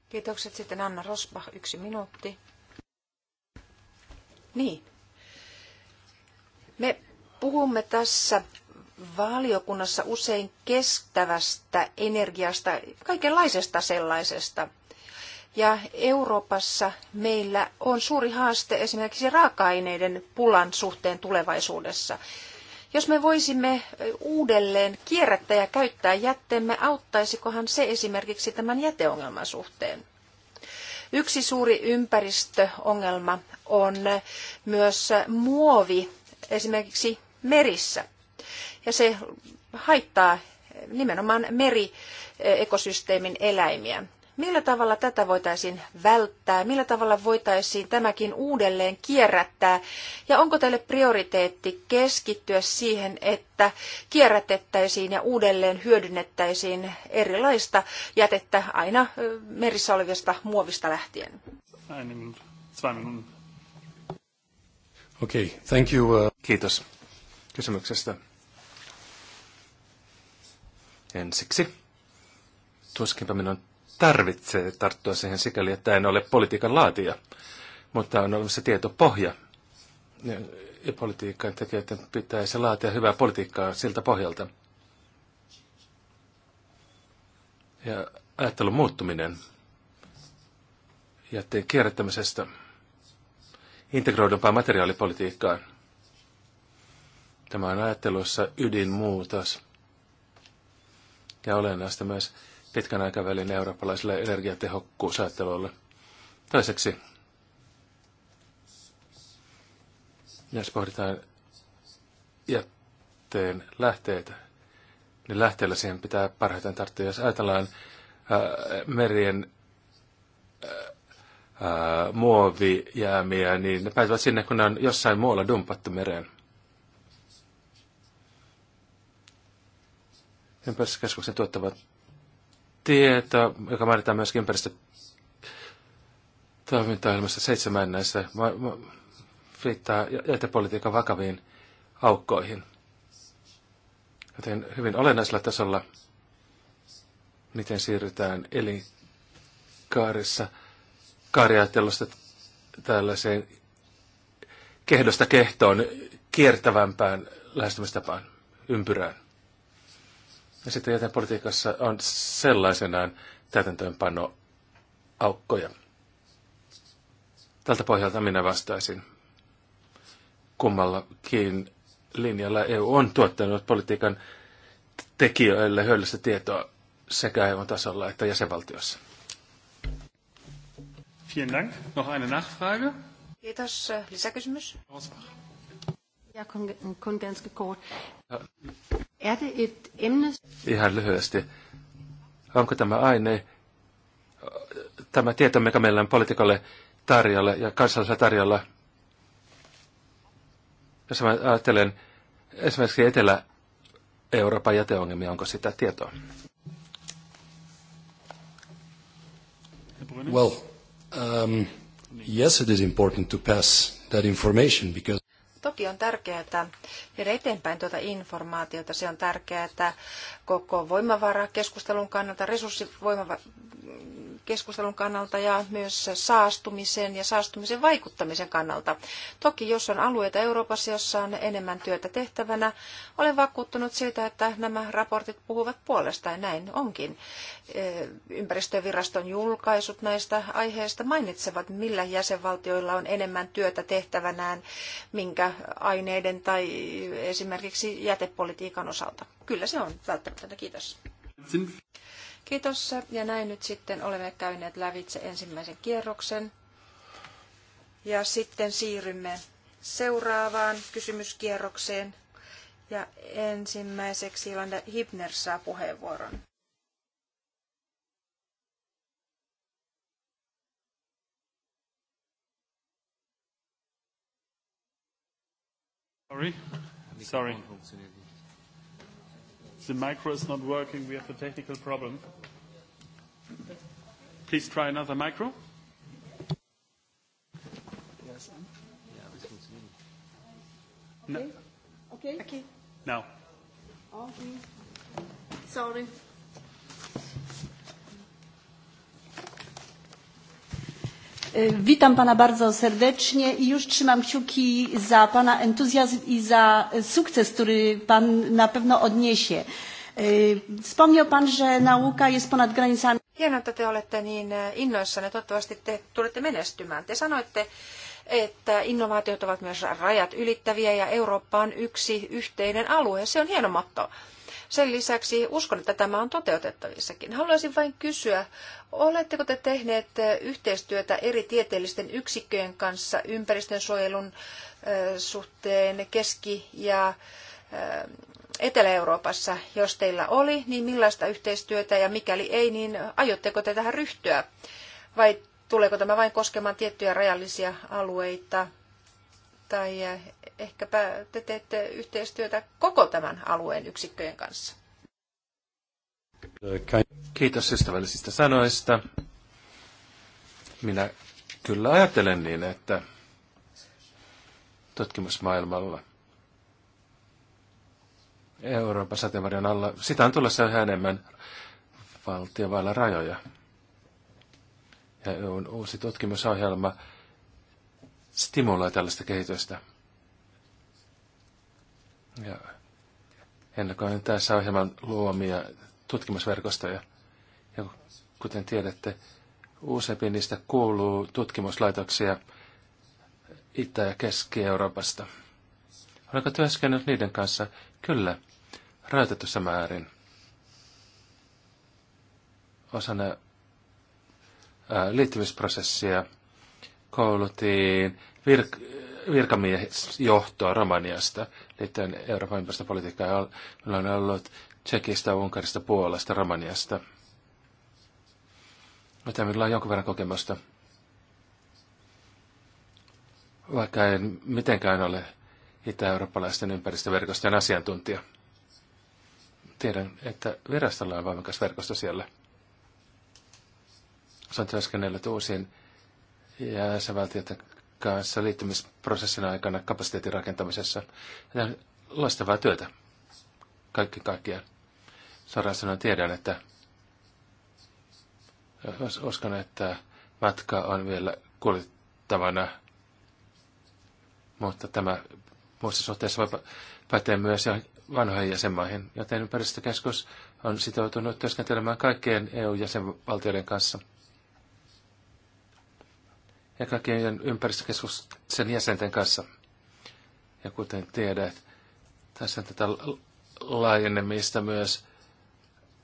Kiitokset sitten Anna Rospa yksi minuutti. Niin. Me puhumme tässä valiokunnassa usein kestävästä energiasta, kaikenlaisesta sellaisesta. Ja Euroopassa meillä on suuri haaste esimerkiksi raaka-aineiden pulan suhteen tulevaisuudessa. Jos me voisimme uudelleen kierrättää ja käyttää jätteemme, auttaisikohan se esimerkiksi tämän jäteongelman suhteen? Yksi suuri ympäristöongelma on myös muovi esimerkiksi merissä ja se haittaa nimenomaan meriekosysteemin e, eläimiä. Millä tavalla tätä voitaisiin välttää? Millä tavalla voitaisiin tämäkin uudelleen kierrättää? Ja onko teille prioriteetti keskittyä siihen, että kierrätettäisiin ja uudelleen hyödynnettäisiin erilaista jätettä aina e, merissä olevista muovista lähtien? Niin okay, thank you. Uh- Kiitos kysymyksestä ensiksi. Tuskinpä minun tarvitsee tarttua siihen sikäli, että en ole politiikan laatija, mutta on olemassa tietopohja. Ja, ja politiikan tekijöiden pitäisi laatia hyvää politiikkaa siltä pohjalta. Ja ajattelun muuttuminen jätteen kierrättämisestä integroidumpaa materiaalipolitiikkaan. Tämä on ajattelussa ydinmuutos ja olennaista myös pitkän aikavälin eurooppalaiselle energiatehokkuusajattelulle. Toiseksi, jos pohditaan jätteen lähteitä, niin lähteellä siihen pitää parhaiten tarttua. Jos ajatellaan ää, äh, merien ää, äh, äh, muovijäämiä, niin ne päätyvät sinne, kun ne on jossain muualla dumpattu mereen. ympäristökeskuksen tuottava tieto, joka määritetään myöskin ympäristö toimintaohjelmassa seitsemännessä, viittaa jätepolitiikan vakaviin aukkoihin. Joten hyvin olennaisella tasolla, miten siirrytään elinkaarissa kaariajattelusta tällaiseen kehdosta kehtoon kiertävämpään lähestymistapaan, ympyrään. Ja sitten jätepolitiikassa on sellaisenaan täytäntöönpano aukkoja. Tältä pohjalta minä vastaisin. Kummallakin linjalla EU on tuottanut politiikan tekijöille hyödyllistä tietoa sekä EU-tasolla että jäsenvaltiossa. Vielen Dank. Noch eine Nachfrage? Kiitos. Lisäkysymys? Ja, kun, kun ganska kort. Er Ihan lyhyesti. Onko tämä aine, tämä tieto, mikä meillä on politiikalle tarjolla ja kansallisella tarjolla, jos mä ajattelen esimerkiksi Etelä-Euroopan jäteongelmia, onko sitä tietoa? Well, um, yes, it is important to pass that information because Toki on tärkeää että viedä eteenpäin tuota informaatiota. Se on tärkeää että koko voimavarakeskustelun kannalta, resurssivoimavara keskustelun kannalta ja myös saastumisen ja saastumisen vaikuttamisen kannalta. Toki jos on alueita Euroopassa, jossa on enemmän työtä tehtävänä, olen vakuuttunut siitä, että nämä raportit puhuvat puolestaan. Näin onkin. Ympäristöviraston julkaisut näistä aiheista mainitsevat, millä jäsenvaltioilla on enemmän työtä tehtävänään, minkä aineiden tai esimerkiksi jätepolitiikan osalta. Kyllä se on välttämätöntä. Kiitos. Kiitos. Ja näin nyt sitten olemme käyneet lävitse ensimmäisen kierroksen. Ja sitten siirrymme seuraavaan kysymyskierrokseen. Ja ensimmäiseksi Ilanda Hibner saa puheenvuoron. Sorry. Sorry. The micro is not working. We have a technical problem. Please try another micro. Yes. No. Okay. Okay. Now. Okay. Sorry. E, witam Pana bardzo serdecznie i już trzymam kciuki za Pana entuzjazm i za sukces, który Pan na pewno odniesie. E, wspomniał Pan, że nauka jest ponad granicami. Hienoa, että te olette niin e, innoissanne. Toivottavasti te tulette menestymään. Te sanoitte, että innovaatiot ovat myös rajat ylittäviä ja Eurooppa on yksi yhteinen alue. Se on hieno motto. Sen lisäksi uskon, että tämä on toteutettavissakin. Haluaisin vain kysyä, oletteko te tehneet yhteistyötä eri tieteellisten yksikköjen kanssa ympäristönsuojelun suhteen Keski- ja Etelä-Euroopassa, jos teillä oli, niin millaista yhteistyötä ja mikäli ei, niin aiotteko te tähän ryhtyä? Vai tuleeko tämä vain koskemaan tiettyjä rajallisia alueita tai ehkäpä te teette yhteistyötä koko tämän alueen yksikköjen kanssa. Kiitos ystävällisistä sanoista. Minä kyllä ajattelen niin, että tutkimusmaailmalla Euroopan sateenvarjon alla, sitä on tulossa yhä enemmän valtiovailla rajoja. Ja EUn uusi tutkimusohjelma stimuloi tällaista kehitystä. Ja ennakoin tässä ohjelman luomia tutkimusverkostoja. Ja kuten tiedätte, useampi niistä kuuluu tutkimuslaitoksia Itä- ja Keski-Euroopasta. Olenko työskennellyt niiden kanssa? Kyllä, rajoitetussa määrin. Osana ää, liittymisprosessia – koulutin virk- virkamiesjohtoa Romaniasta liittyen Euroopan ympäristöpolitiikkaan. Meillä on ollut Tsekistä, Unkarista, Puolasta, Romaniasta. Mitä minulla on jonkun verran kokemusta. Vaikka en mitenkään ole itä-eurooppalaisten ympäristöverkostojen asiantuntija. Tiedän, että virastolla on voimakas verkosto siellä. Se on työskennellyt uusien ja jäsenvaltioiden kanssa liittymisprosessin aikana kapasiteetin rakentamisessa. Ja loistavaa työtä kaikki kaikkiaan. Suoraan sanoen tiedän, että uskon, että matka on vielä kuljettavana, mutta tämä muussa suhteessa voi päteä myös vanhoihin jäsenmaihin, joten ympäristökeskus on sitoutunut työskentelemään kaikkien EU-jäsenvaltioiden kanssa – ja kaikkien sen jäsenten kanssa. Ja kuten tiedät, tässä on tätä laajenemista myös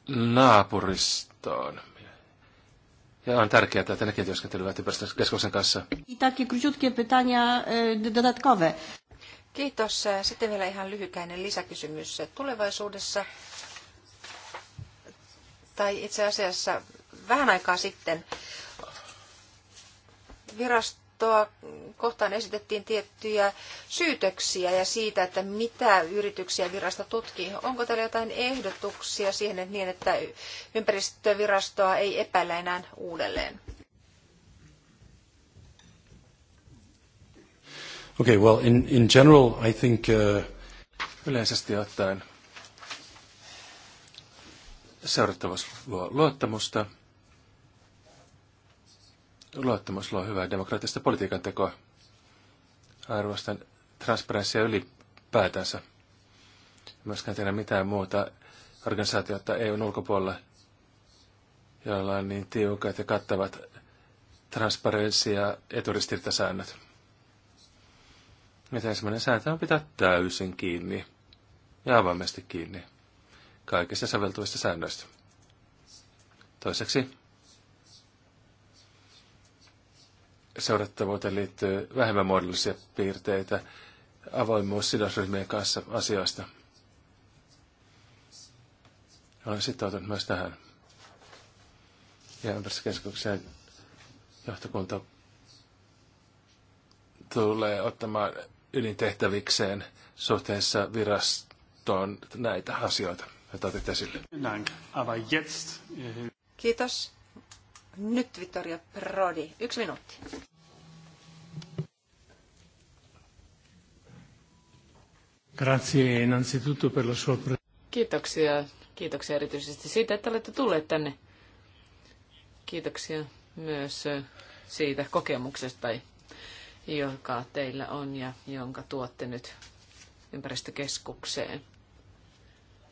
naapuristoon. Ja on tärkeää, että nekin työskentelevät ympäristökeskuksen kanssa. E, Kiitos. E, sitten vielä ihan lyhykäinen lisäkysymys. E, tulevaisuudessa, tai itse asiassa vähän aikaa sitten, virastoa kohtaan esitettiin tiettyjä syytöksiä ja siitä, että mitä yrityksiä virasto tutkii. Onko teillä jotain ehdotuksia siihen, että niin, että ympäristövirastoa ei epäillä enää uudelleen? Okay, well, in, in general, I think... Uh... Yleisesti ottaen seurattavuus luottamusta – luottamus luo hyvää demokraattista politiikan tekoa. Arvostan transparenssia ylipäätänsä. En myöskään tiedä mitään muuta organisaatiota EUn ulkopuolella, jolla on niin tiukat ja kattavat transparenssia ja eturistiriitasäännöt. Mitä ensimmäinen sääntö on pitää täysin kiinni ja avoimesti kiinni kaikista soveltuvista säännöistä. Toiseksi seurattavuuteen liittyy vähemmän muodollisia piirteitä, avoimuus sidosryhmien kanssa asioista. Olen sitoutunut myös tähän. Ja ympäristökeskuksen johtokunta tulee ottamaan ydintehtävikseen suhteessa virastoon näitä asioita, joita otit esille. Äh, Kiitos. Nyt Vittoria Prodi, yksi minuutti. Kiitoksia. Kiitoksia erityisesti siitä, että olette tulleet tänne. Kiitoksia myös siitä kokemuksesta, joka teillä on ja jonka tuotte nyt ympäristökeskukseen.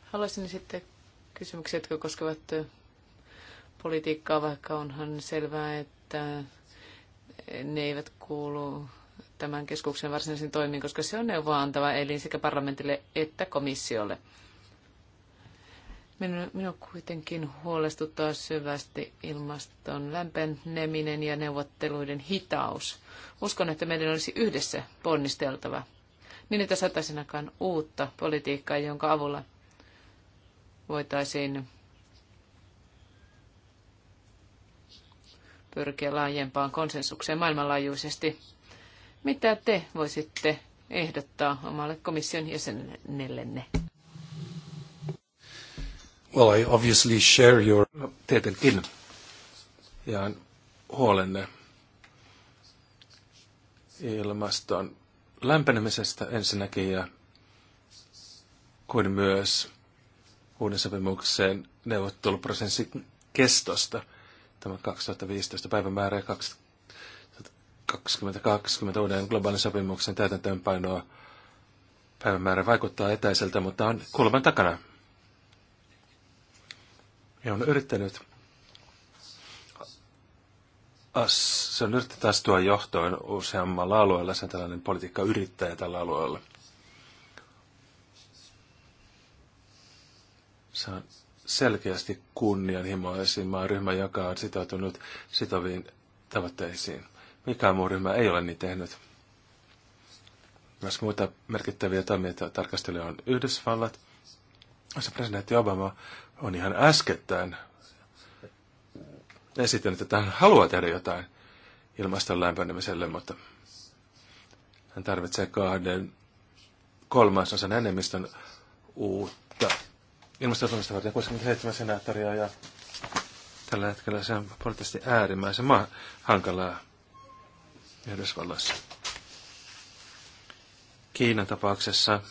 Haluaisin sitten kysymyksiä, jotka koskevat politiikkaa, vaikka onhan selvää, että ne eivät kuulu tämän keskuksen varsinaisiin toimiin, koska se on neuvoa antava elin sekä parlamentille että komissiolle. Minua, kuitenkin huolestuttaa syvästi ilmaston lämpeneminen ja neuvotteluiden hitaus. Uskon, että meidän olisi yhdessä ponnisteltava, niin että saataisiin uutta politiikkaa, jonka avulla voitaisiin pyrkiä laajempaan konsensukseen maailmanlaajuisesti. Mitä te voisitte ehdottaa omalle komission jäsenellenne? Well, I obviously share your... No, tietenkin. Jaan huolenne ilmaston lämpenemisestä ensinnäkin ja kuin myös uuden sopimuksen neuvotteluprosessin kestosta – tämä 2015 päivämäärä ja 2020 uuden globaalin sopimuksen täytäntöönpainoa päivämäärä vaikuttaa etäiseltä, mutta on kulman takana. Ja on yrittänyt, as, se on yrittänyt astua johtoon useammalla alueella, sen tällainen politiikka yrittäjä tällä alueella. Se on selkeästi kunnianhimoisin maaryhmä, joka on sitoutunut sitoviin tavoitteisiin. Mikään muu ryhmä ei ole niin tehnyt. Myös muita merkittäviä toimijoita tarkastelija on Yhdysvallat, Se presidentti Obama on ihan äskettäin esittänyt, että hän haluaa tehdä jotain ilmaston lämpenemiselle, mutta hän tarvitsee kahden kolmasosan enemmistön uutta ilmastosopimusta varten 67 senaattoria ja tällä hetkellä se on poliittisesti äärimmäisen ma- hankalaa Yhdysvalloissa. Kiinan tapauksessa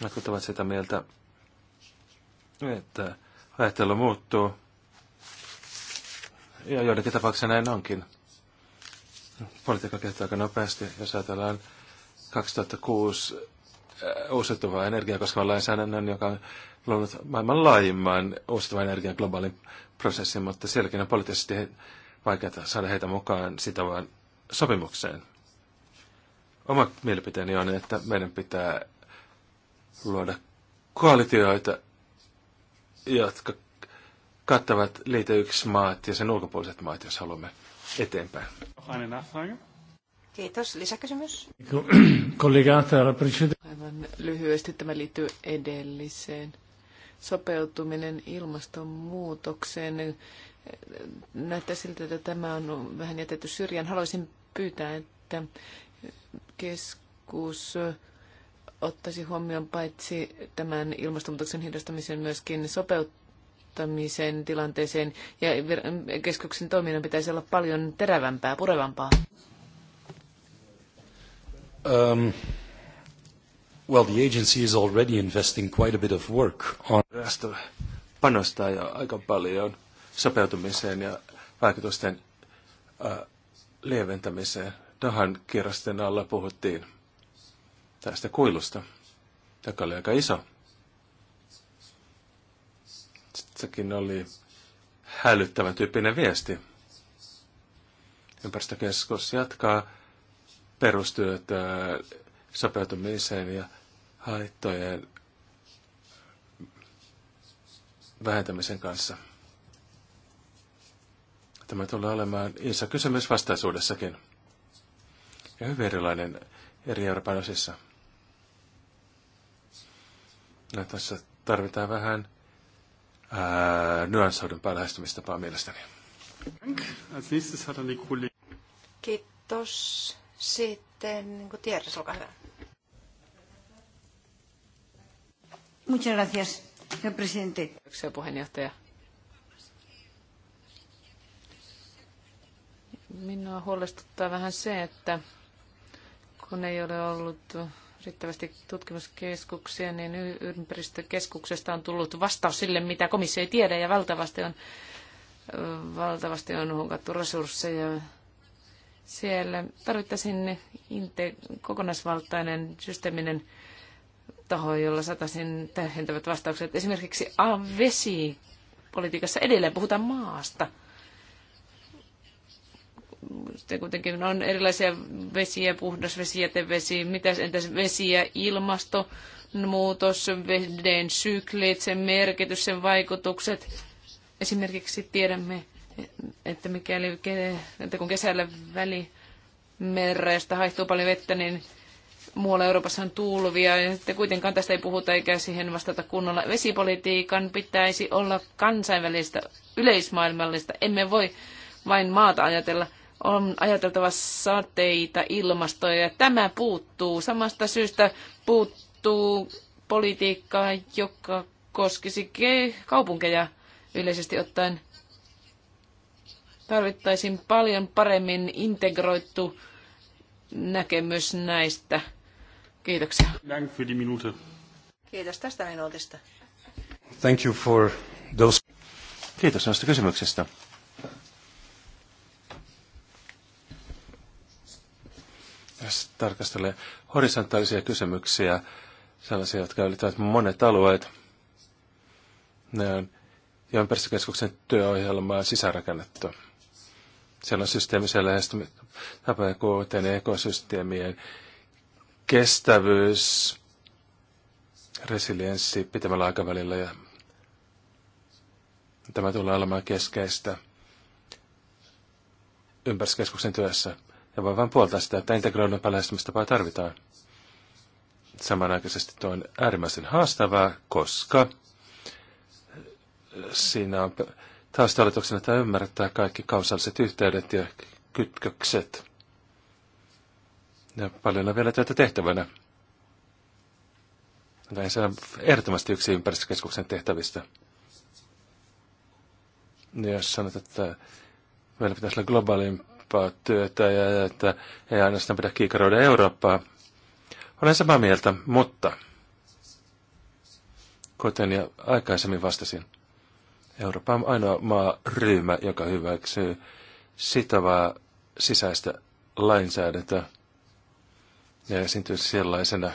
jotkut ovat sitä mieltä, että ajattelu muuttuu. Ja joidenkin tapauksessa näin onkin. Politiikka kehittyy aika nopeasti, jos ajatellaan 2006 Äh, uusiutuvaa energiaa koskevan lainsäädännön, joka on luonut maailman laajimman uusiutuvan energian globaalin prosessin, mutta sielläkin on poliittisesti vaikeaa saada heitä mukaan sitä vaan sopimukseen. Oma mielipiteeni on, että meidän pitää luoda koalitioita, jotka kattavat liite yksi maat ja sen ulkopuoliset maat, jos haluamme eteenpäin. nachfrage. Kiitos. Lisäkysymys? Aivan lyhyesti tämä liittyy edelliseen. Sopeutuminen ilmastonmuutokseen. Näyttää siltä, että tämä on vähän jätetty syrjään. Haluaisin pyytää, että keskus ottaisi huomioon paitsi tämän ilmastonmuutoksen hidastamisen myöskin sopeuttamisen tilanteeseen ja keskuksen toiminnan pitäisi olla paljon terävämpää, purevampaa. Um, well, the agency is already investing quite a bit of work on... Rasto panostaa jo aika paljon sopeutumiseen ja vaikutusten uh, lieventämiseen. Dahan kirjasten alla puhuttiin tästä kuilusta, joka oli aika iso. Sekin oli hälyttävän tyyppinen viesti. Ympäristökeskus jatkaa perustyötä sopeutumiseen ja haittojen vähentämisen kanssa. Tämä tulee olemaan iso kysymys vastaisuudessakin ja hyvin erilainen eri Euroopan osissa. No, tässä tarvitaan vähän ää, nyansoidumpaa lähestymistapaa mielestäni. Kiitos. Sitten niin Tierres, olkaa hyvä. Muchas gracias, señor presidente. Kiitoksia puheenjohtaja. Minua huolestuttaa vähän se, että kun ei ole ollut riittävästi tutkimuskeskuksia, niin ympäristökeskuksesta on tullut vastaus sille, mitä komissio ei tiedä, ja valtavasti on, valtavasti on hukattu resursseja siellä tarvittaisiin inte- kokonaisvaltainen systeeminen taho, jolla saataisiin täydentävät vastaukset. Esimerkiksi vesipolitiikassa edelleen puhutaan maasta. Sitten kuitenkin on erilaisia vesiä, puhdas vesi, jätevesi, mitäs entäs vesiä, ilmasto, muutos, veden syklit, sen merkitys, sen vaikutukset. Esimerkiksi tiedämme, että mikäli että kun kesällä välimerestä haihtuu paljon vettä, niin muualla Euroopassa on tulvia, ja sitten kuitenkaan tästä ei puhuta eikä siihen vastata kunnolla. Vesipolitiikan pitäisi olla kansainvälistä, yleismaailmallista. Emme voi vain maata ajatella. On ajateltava sateita, ilmastoja, ja tämä puuttuu. Samasta syystä puuttuu politiikkaa, joka koskisi kaupunkeja yleisesti ottaen tarvittaisiin paljon paremmin integroittu näkemys näistä. Kiitoksia. Dank für die Minute. Kiitos tästä minuutista. Thank you for those... Kiitos näistä kysymyksistä. tarkastelee horisontaalisia kysymyksiä, sellaisia, jotka ylittävät monet alueet. Ne on, ja ympäristökeskuksen työohjelmaa sisäänrakennettu. Siellä on systeemisiä lähestymistapoja, kuten ekosysteemien kestävyys, resilienssi pitämällä aikavälillä ja tämä tulee olemaan keskeistä ympäristökeskuksen työssä. Ja voi vain puoltaa sitä, että integroidun lähestymistapaa tarvitaan. Samanaikaisesti tuo on äärimmäisen haastavaa, koska siinä on taustaolituksena että ymmärtää kaikki kausalliset yhteydet ja kytkökset. Ja paljon on vielä työtä tehtävänä. Näin se on ehdottomasti yksi ympäristökeskuksen tehtävistä. Ja jos sanot, että meillä pitäisi olla globaalimpaa työtä ja että ei ainoastaan pidä kiikaroida Eurooppaa, olen samaa mieltä, mutta kuten jo aikaisemmin vastasin, Eurooppa on ainoa maa ryhmä, joka hyväksyy sitovaa sisäistä lainsäädäntöä ja esiintyy sellaisena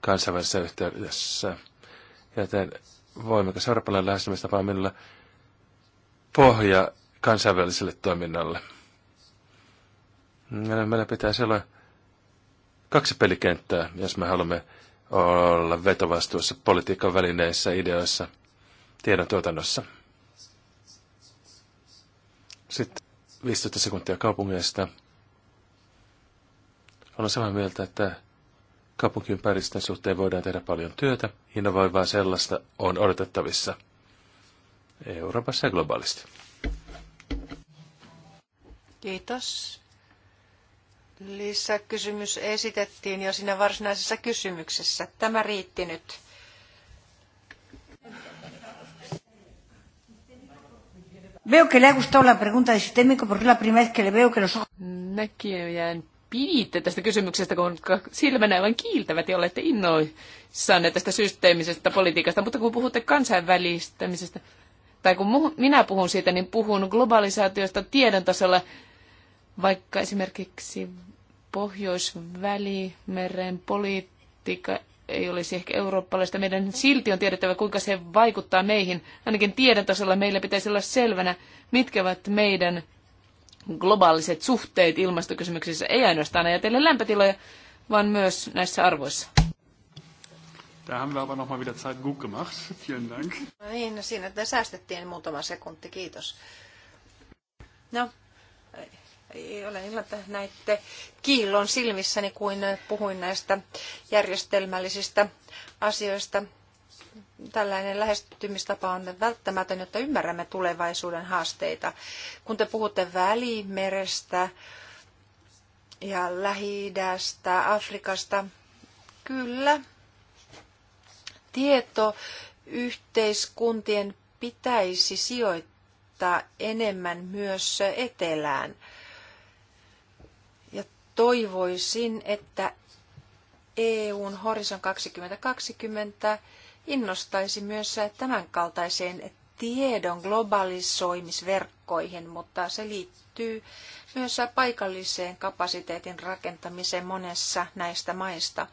kansainvälisessä yhteydessä. Joten voimakas eurooppalainen lähestymistapa on minulla pohja kansainväliselle toiminnalle. Meillä pitää olla kaksi pelikenttää, jos me haluamme olla vetovastuussa politiikan välineissä, ideoissa, tiedon tuotannossa. Sitten 15 sekuntia kaupungeista. Olen samaa mieltä, että kaupunkiympäristön suhteen voidaan tehdä paljon työtä. Innovoivaa sellaista on odotettavissa Euroopassa ja globaalisti. Kiitos. Lisäkysymys esitettiin jo siinä varsinaisessa kysymyksessä. Tämä riitti nyt. Veo que le ha gustado la pregunta de sistémico porque es la primera vez que le veo que los ojos... Näkijän piditte tästä kysymyksestä, kun silmänä aivan kiiltävät ja olette innoissanne tästä systeemisestä politiikasta, mutta kun puhutte kansainvälistämisestä, tai kun minä puhun siitä, niin puhun globalisaatiosta tiedon tasolla, vaikka esimerkiksi Pohjois-Välimeren politiikka ei olisi ehkä eurooppalaista. Meidän silti on tiedettävä, kuinka se vaikuttaa meihin. Ainakin tiedon tasolla meillä pitäisi olla selvänä, mitkä ovat meidän globaaliset suhteet ilmastokysymyksissä, ei ainoastaan ajatellen lämpötiloja, vaan myös näissä arvoissa. Da haben wir aber nochmal wieder Zeit gut gemacht. [laughs] Vielen Dank. No niin, no siinä säästettiin muutama sekunti, kiitos. No, olen niin, ilman, että näitte kiillon silmissäni, kuin puhuin näistä järjestelmällisistä asioista. Tällainen lähestymistapa on välttämätön, jotta ymmärrämme tulevaisuuden haasteita. Kun te puhutte välimerestä ja lähi Afrikasta, kyllä, tieto yhteiskuntien pitäisi sijoittaa enemmän myös etelään – toivoisin, että EUn Horizon 2020 innostaisi myös tämänkaltaiseen tiedon globalisoimisverkkoihin, mutta se liittyy myös paikalliseen kapasiteetin rakentamiseen monessa näistä maista.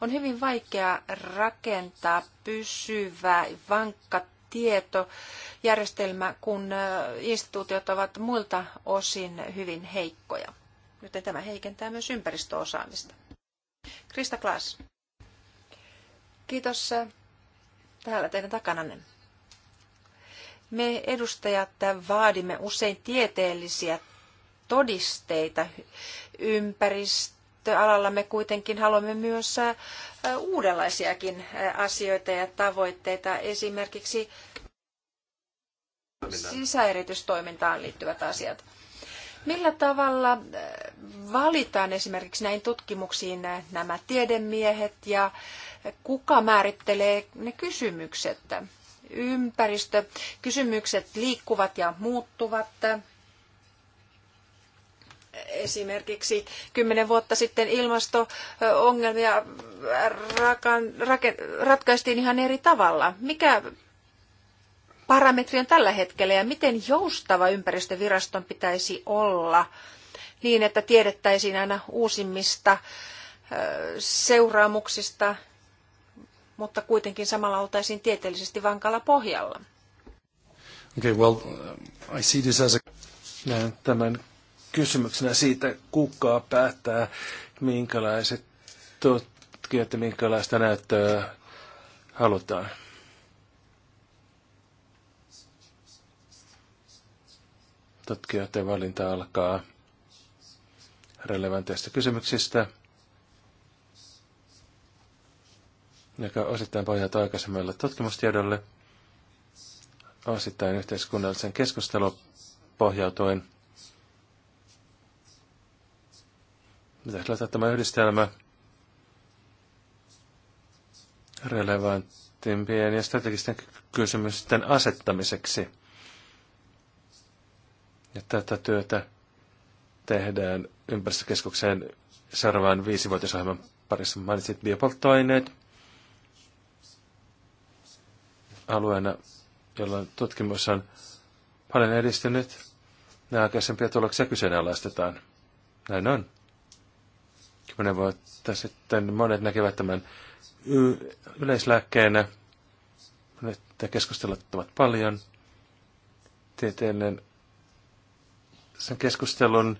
On hyvin vaikea rakentaa pysyvä, vankka tietojärjestelmä, kun instituutiot ovat muilta osin hyvin heikkoja joten tämä heikentää myös ympäristöosaamista. Krista Klaas. Kiitos äh, täällä teidän takananne. Me edustajat vaadimme usein tieteellisiä todisteita ympäristöalalla. Me kuitenkin haluamme myös äh, uudenlaisiakin äh, asioita ja tavoitteita, esimerkiksi sisäeritystoimintaan liittyvät asiat. Millä tavalla eh, valitaan esimerkiksi näin tutkimuksiin nämä tiedemiehet ja kuka määrittelee ne kysymykset? Ympäristökysymykset liikkuvat ja muuttuvat. Esimerkiksi kymmenen vuotta sitten ilmasto-ongelmia ratkaistiin ihan eri tavalla. Mikä parametri on tällä hetkellä ja miten joustava ympäristöviraston pitäisi olla niin, että tiedettäisiin aina uusimmista seuraamuksista, mutta kuitenkin samalla oltaisiin tieteellisesti vankalla pohjalla. Okay, well, um, I see this as a... Näen tämän kysymyksenä siitä, kuka päättää, minkälaiset tutkijat ja minkälaista näyttöä halutaan. tutkijoiden valinta alkaa relevanteista kysymyksistä, joka osittain pohjautuu aikaisemmalle tutkimustiedolle, osittain yhteiskunnallisen keskustelun pohjautuen. Pitäisi laittaa tämä yhdistelmä relevantimpien ja strategisten kysymysten asettamiseksi – ja tätä työtä tehdään ympäristökeskukseen seuraavan viisivuotisohjelman parissa. Mainitsit biopolttoaineet alueena, jolla tutkimus on paljon edistynyt. Nämä aikaisempia tuloksia kyseenalaistetaan. Näin on. Kymmenen vuotta sitten monet näkevät tämän y- yleislääkkeenä. Nyt ovat paljon. Tieteellinen sen keskustelun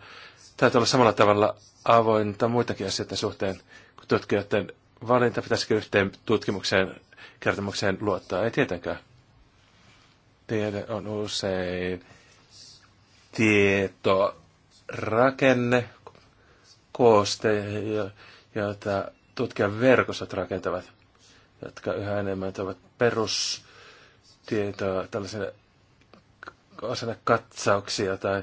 täytyy olla samalla tavalla avointa muitakin asioita suhteen kuin tutkijoiden valinta. Pitäisikö yhteen tutkimukseen kertomukseen luottaa? Ei tietenkään. Tiede on usein tietorakenne, kooste, jota tutkijan verkostot rakentavat, jotka yhä enemmän tuovat perustietoa tällaisena osana katsauksia tai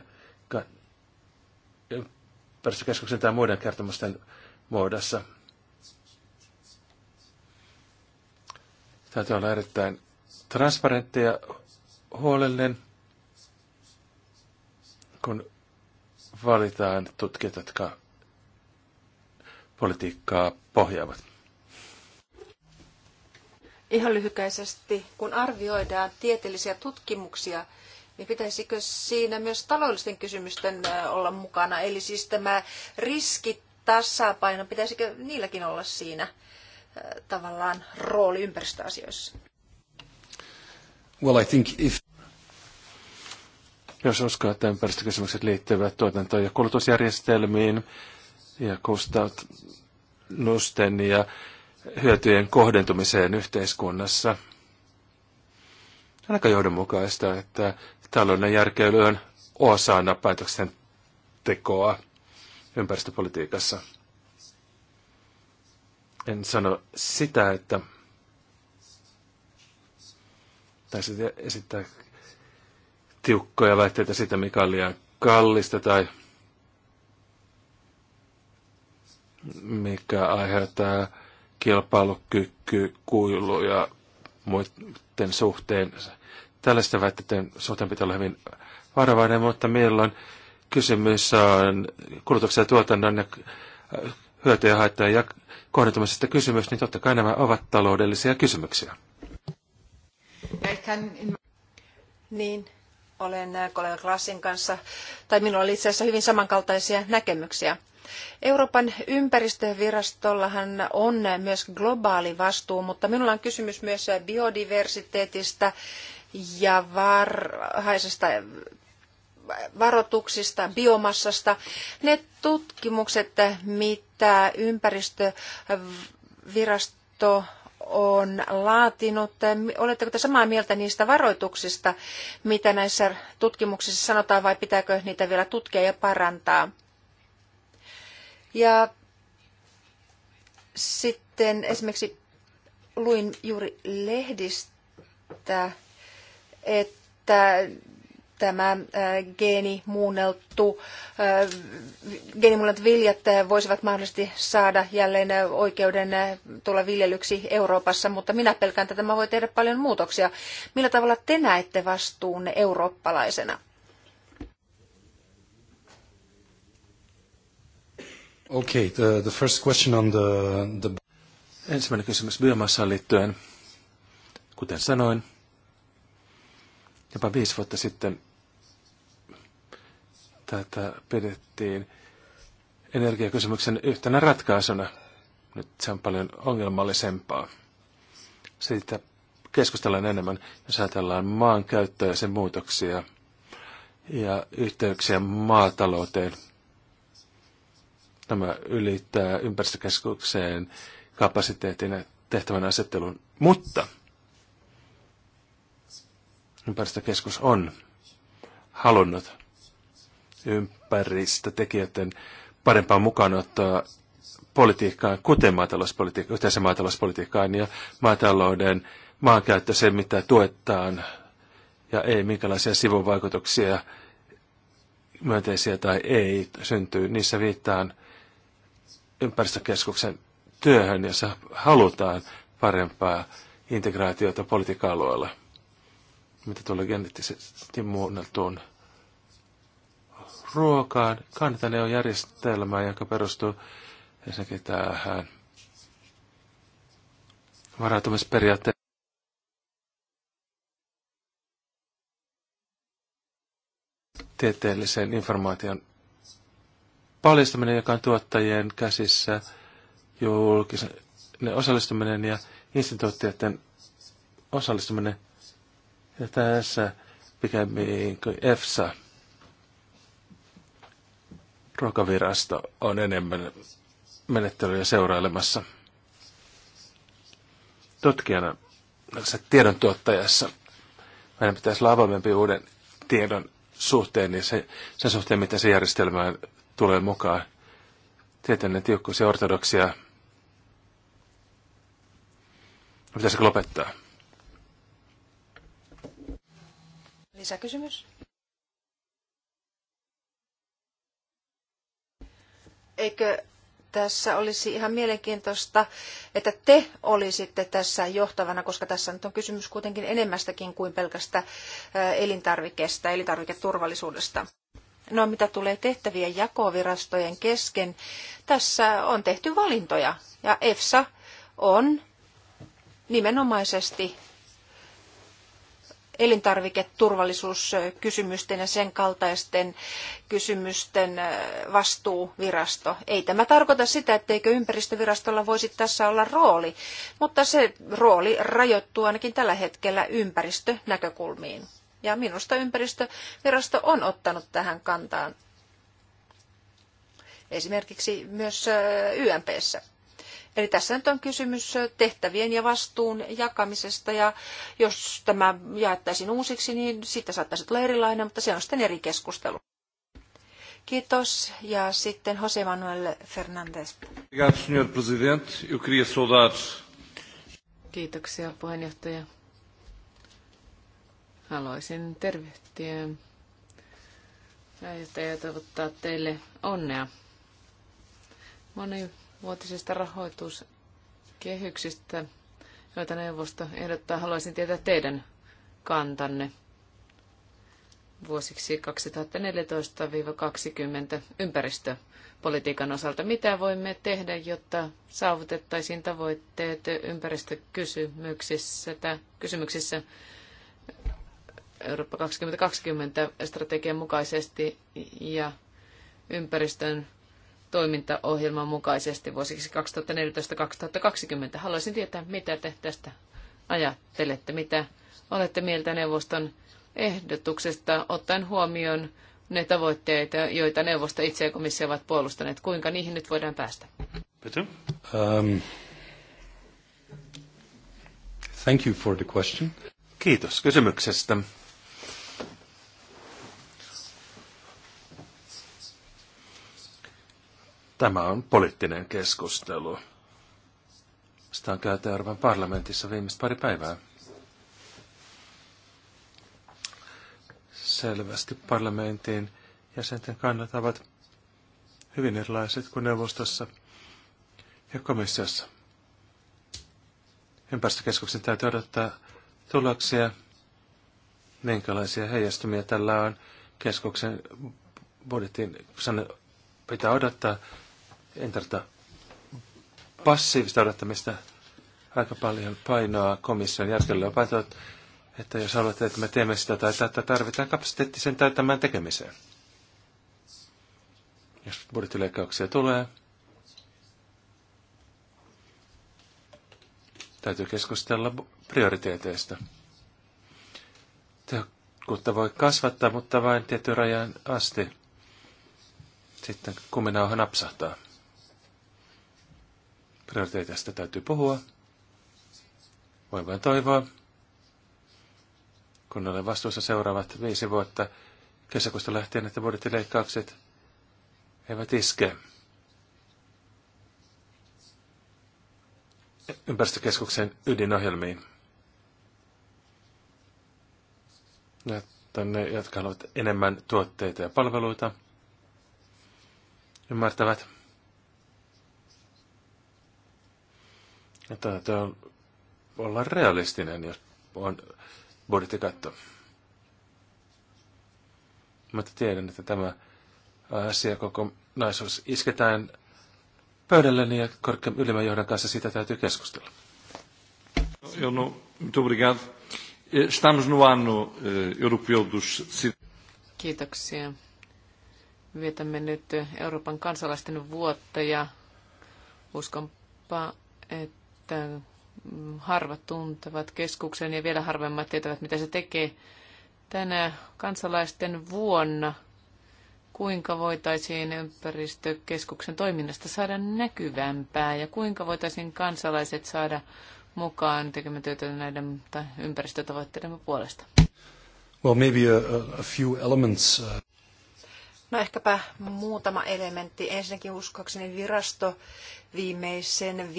ympäristökeskuksen tai muiden kertomusten muodossa. Täytyy olla erittäin transparentti ja huolellinen, kun valitaan tutkijat, jotka politiikkaa pohjaavat. Ihan lyhykäisesti, kun arvioidaan tieteellisiä tutkimuksia, niin pitäisikö siinä myös taloudellisten kysymysten olla mukana? Eli siis tämä riskitasapaino, pitäisikö niilläkin olla siinä tavallaan rooli ympäristöasioissa? Well, I think if... Jos uskoo, että ympäristökysymykset liittyvät tuotanto- ja kulutusjärjestelmiin ja kustannusten ja hyötyjen kohdentumiseen yhteiskunnassa, on aika johdonmukaista, että taloudellinen järkeily on osana päätöksentekoa ympäristöpolitiikassa. En sano sitä, että taisi esittää tiukkoja väitteitä siitä, mikä on liian kallista tai mikä aiheuttaa kilpailukyky, kuilu ja muiden suhteen tällaisten väitteiden suhteen pitää olla hyvin varovainen, mutta on kysymys on kulutuksen ja tuotannon ja äh, hyötyjä haittoja ja kohdentumisesta kysymys, niin totta kai nämä ovat taloudellisia kysymyksiä. Niin, olen äh, kollega Klassin kanssa, tai minulla oli itse asiassa hyvin samankaltaisia näkemyksiä. Euroopan ympäristövirastollahan on myös globaali vastuu, mutta minulla on kysymys myös biodiversiteetistä ja varhaisesta varoituksista, biomassasta. Ne tutkimukset, mitä ympäristövirasto on laatinut. Oletteko te samaa mieltä niistä varoituksista, mitä näissä tutkimuksissa sanotaan, vai pitääkö niitä vielä tutkia ja parantaa? Ja sitten esimerkiksi luin juuri lehdistä, että tämä äh, geenimuunneltu, äh, geenimuunneltu viljat äh, voisivat mahdollisesti saada jälleen oikeuden tulla viljelyksi Euroopassa, mutta minä pelkään, että tämä voi tehdä paljon muutoksia. Millä tavalla te näette vastuunne eurooppalaisena? Okay, the, the first question on the, the... Ensimmäinen kysymys biomassaan liittyen. Kuten sanoin, jopa viisi vuotta sitten tätä pidettiin energiakysymyksen yhtenä ratkaisuna. Nyt se on paljon ongelmallisempaa. Siitä keskustellaan enemmän, jos ajatellaan maan käyttöä ja sen muutoksia ja yhteyksiä maatalouteen. Tämä ylittää ympäristökeskukseen kapasiteetin ja tehtävän asettelun, mutta – ympäristökeskus on halunnut ympäristötekijöiden parempaa mukaanottoa politiikkaan, kuten maatalouspolitiikkaan, yhteisen maatalouspolitiikkaan ja maatalouden maankäyttö, se mitä tuetaan ja ei minkälaisia sivuvaikutuksia myönteisiä tai ei syntyy. Niissä viittaan ympäristökeskuksen työhön, jossa halutaan parempaa integraatiota politiikka-alueella mitä tulee geneettisesti muunneltuun ruokaan. Kantane on järjestelmä, joka perustuu ensinnäkin tähän varautumisperiaatteeseen. tieteellisen informaation paljastaminen, joka on tuottajien käsissä, julkisen osallistuminen ja instituutioiden osallistuminen ja tässä pikemmin kuin EFSA, ruokavirasto, on enemmän menettelyjä seurailemassa. Tutkijana tässä tuottajassa, meidän pitäisi olla avoimempi uuden tiedon suhteen ja niin se, sen suhteen, mitä se järjestelmään tulee mukaan. Tieteellinen tiukkuus ja ortodoksia pitäisikö lopettaa? Lisäkysymys? Eikö tässä olisi ihan mielenkiintoista, että te olisitte tässä johtavana, koska tässä nyt on kysymys kuitenkin enemmästäkin kuin pelkästä elintarvikesta, elintarviketurvallisuudesta. No mitä tulee tehtävien jakovirastojen kesken, tässä on tehty valintoja ja EFSA on nimenomaisesti elintarviketurvallisuuskysymysten ja sen kaltaisten kysymysten vastuuvirasto. Ei tämä tarkoita sitä, etteikö ympäristövirastolla voisi tässä olla rooli, mutta se rooli rajoittuu ainakin tällä hetkellä ympäristönäkökulmiin. Ja minusta ympäristövirasto on ottanut tähän kantaan esimerkiksi myös YMPssä. Eli tässä nyt on kysymys tehtävien ja vastuun jakamisesta ja jos tämä jaettaisiin uusiksi, niin siitä saattaisi tulla erilainen, mutta se on sitten eri keskustelu. Kiitos. Ja sitten Jose Manuel Fernandes. Kiitoksia puheenjohtaja. Haluaisin tervehtiä ja toivottaa teille onnea. Moni vuotisista rahoituskehyksistä, joita neuvosto ehdottaa, haluaisin tietää teidän kantanne vuosiksi 2014-2020 ympäristöpolitiikan osalta. Mitä voimme tehdä, jotta saavutettaisiin tavoitteet ympäristökysymyksissä kysymyksissä Eurooppa 2020 strategian mukaisesti ja ympäristön toimintaohjelman mukaisesti vuosiksi 2014-2020. Haluaisin tietää, mitä te tästä ajattelette, mitä olette mieltä neuvoston ehdotuksesta ottaen huomioon ne tavoitteet, joita neuvosto itse ja komissio ovat puolustaneet. Kuinka niihin nyt voidaan päästä? Peter? Um, thank you for the question. Kiitos kysymyksestä. Tämä on poliittinen keskustelu. Sitä on käyty Euroopan parlamentissa viimeistä pari päivää. Selvästi parlamentin jäsenten kannat ovat hyvin erilaiset kuin neuvostossa ja komissiossa. Ympäristökeskuksen täytyy odottaa tuloksia, minkälaisia heijastumia tällä on keskuksen budjetin, pitää odottaa en tarvita passiivista odottamista. Aika paljon painoa komission järjestelyllä on painot, että jos haluatte, että me teemme sitä tai tätä, tarvitaan kapasiteetti sen täyttämään tekemiseen. Jos budjettileikkauksia tulee, täytyy keskustella prioriteeteista. Tehokkuutta voi kasvattaa, mutta vain tietyn rajan asti. Sitten kuminauha napsahtaa. Prioriteeteista täytyy puhua. Voin vain toivoa, kun olen vastuussa seuraavat viisi vuotta kesäkuusta lähtien, että budjettileikkaukset eivät iske. ympäristökeskuksen ydinohjelmiin. Ja tänne, jotka haluavat enemmän tuotteita ja palveluita, ymmärtävät, Ja taitaa olla realistinen, jos on budjettikatto. Mutta tiedän, että tämä asia koko naisuus isketään pöydälleni niin ja korkean ylimmän johdon kanssa siitä täytyy keskustella. Eh, no eh, Kiitoksia. Vietämme nyt Euroopan kansalaisten vuotta ja uskonpa, että että mm, harvat tuntevat keskuksen ja vielä harvemmat tietävät, mitä se tekee tänä kansalaisten vuonna. Kuinka voitaisiin ympäristökeskuksen toiminnasta saada näkyvämpää ja kuinka voitaisiin kansalaiset saada mukaan tekemään työtä näiden ympäristötavoitteiden puolesta? Well, maybe a, a few elements. Uh, No ehkäpä muutama elementti. Ensinnäkin uskoakseni virasto viimeisen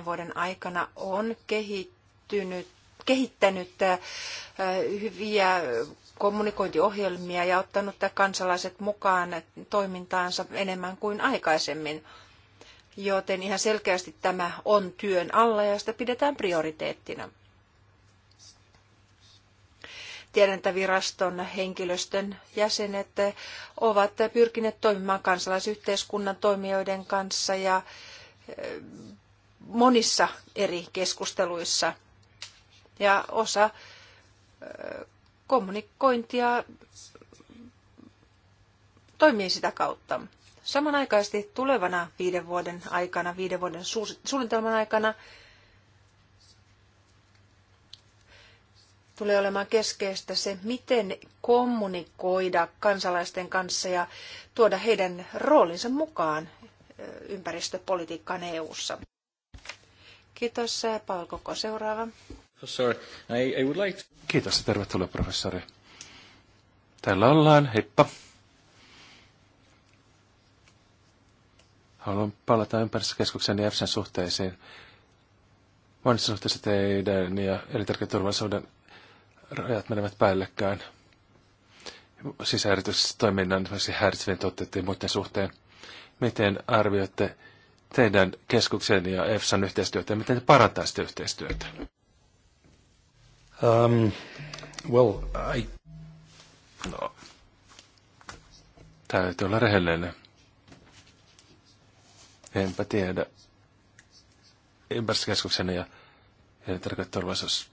5-10 vuoden aikana on kehittynyt, kehittänyt äh, hyviä kommunikointiohjelmia ja ottanut kansalaiset mukaan toimintaansa enemmän kuin aikaisemmin. Joten ihan selkeästi tämä on työn alla ja sitä pidetään prioriteettina. Tiedän, että viraston henkilöstön jäsenet ovat pyrkineet toimimaan kansalaisyhteiskunnan toimijoiden kanssa ja eh, monissa eri keskusteluissa. Ja osa eh, kommunikointia toimii sitä kautta. Samanaikaisesti tulevana viiden vuoden aikana, viiden vuoden suunnitelman aikana, tulee olemaan keskeistä se, miten kommunikoida kansalaisten kanssa ja tuoda heidän roolinsa mukaan ympäristöpolitiikkaan EU-ssa. Kiitos. Paul Koko, seuraava. Kiitos ja tervetuloa, professori. Täällä ollaan. Heippa. Haluan palata ympäristökeskuksen ja EFSän suhteisiin. Monissa suhteissa teidän ja elintarviketurvallisuuden rajat menevät päällekkäin sisäyritystoiminnan esimerkiksi häiritsevien tuotteiden ja muiden suhteen. Miten arvioitte teidän keskuksen ja EFSAn yhteistyötä ja miten te parantaisitte yhteistyötä? Um, well, I... No. Täytyy olla rehellinen. Enpä tiedä. Ympäristökeskuksen ja, ja tarkoitusturvallisuus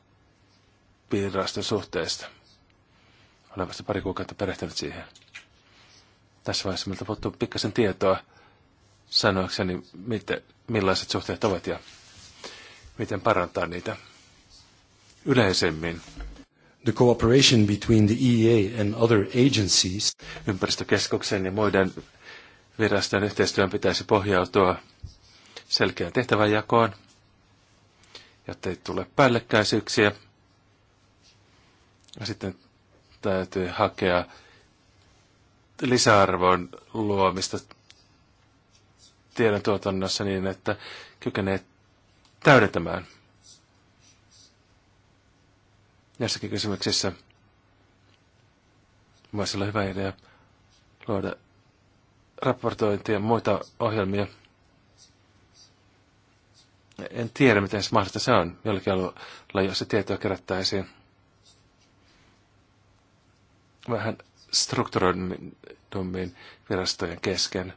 piiraston suhteesta. Olen vasta pari kuukautta perehtynyt siihen. Tässä vaiheessa meiltä puuttuu pikkasen tietoa sanoakseni, miten, millaiset suhteet ovat ja miten parantaa niitä yleisemmin. The cooperation between the EEA and other agencies. Ympäristökeskuksen ja muiden viraston yhteistyön pitäisi pohjautua selkeään tehtävänjakoon, jotta ei tule päällekkäisyyksiä. Sitten täytyy hakea lisäarvon luomista tiedon tuotannossa niin, että kykenee täydentämään. Jossakin kysymyksissä voisi olla hyvä idea luoda raportointia ja muita ohjelmia. En tiedä, miten se mahdollista se on jollakin alueella, jos se tietoa kerättäisiin vähän strukturoidummin virastojen kesken.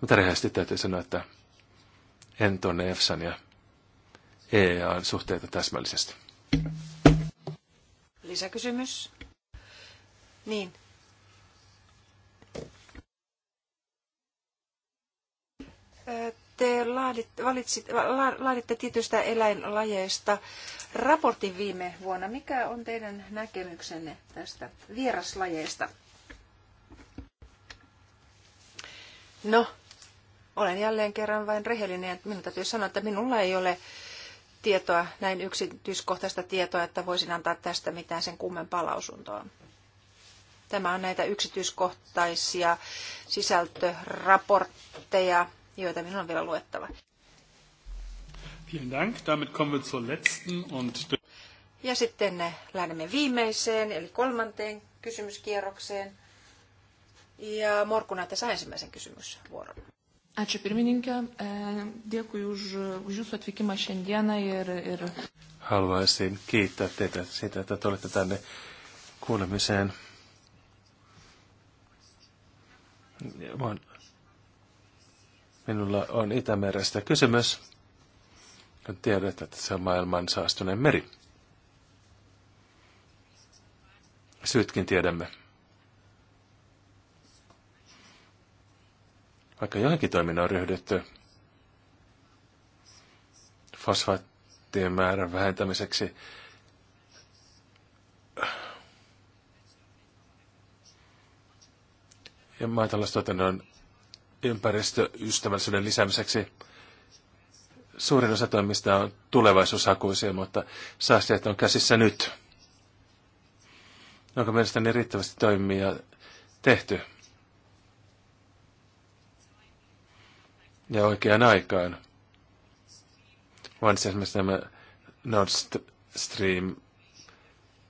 Mutta rehellisesti täytyy sanoa, että en tuonne EFSAn ja EEAn suhteita täsmällisesti. Lisäkysymys? Niin te laadit, valitsit, la, laaditte tietystä eläinlajeista raportin viime vuonna. Mikä on teidän näkemyksenne tästä vieraslajeista? No, olen jälleen kerran vain rehellinen, että minun täytyy sanoa, että minulla ei ole tietoa, näin yksityiskohtaista tietoa, että voisin antaa tästä mitään sen kummempaa lausuntoa. Tämä on näitä yksityiskohtaisia sisältöraportteja, joita minun on vielä luettava. Dank. Damit wir zur und... Ja sitten lähdemme viimeiseen, eli kolmanteen kysymyskierrokseen. Ja Morkuna, tässä ensimmäisen kysymysvuoron. Ačiū pirmininkė, e, dėkui už, už jūsų atvykimą šiandieną ir, ir... Haluaisin kiittää teitä siitä, että olette tänne kuulemiseen. Minulla on Itämerestä kysymys. Tiedät, että se on maailman saastuneen meri. Syytkin tiedämme. Vaikka johonkin toiminnan on ryhdytty fosfaattien määrän vähentämiseksi, ja maataloustuotannon ympäristöystävällisyyden lisäämiseksi. Suurin osa toimista on tulevaisuushakuisia, mutta saasteet on käsissä nyt. Onko mielestäni riittävästi toimia tehty? Ja oikeaan aikaan. Vaan esimerkiksi nämä Nord Stream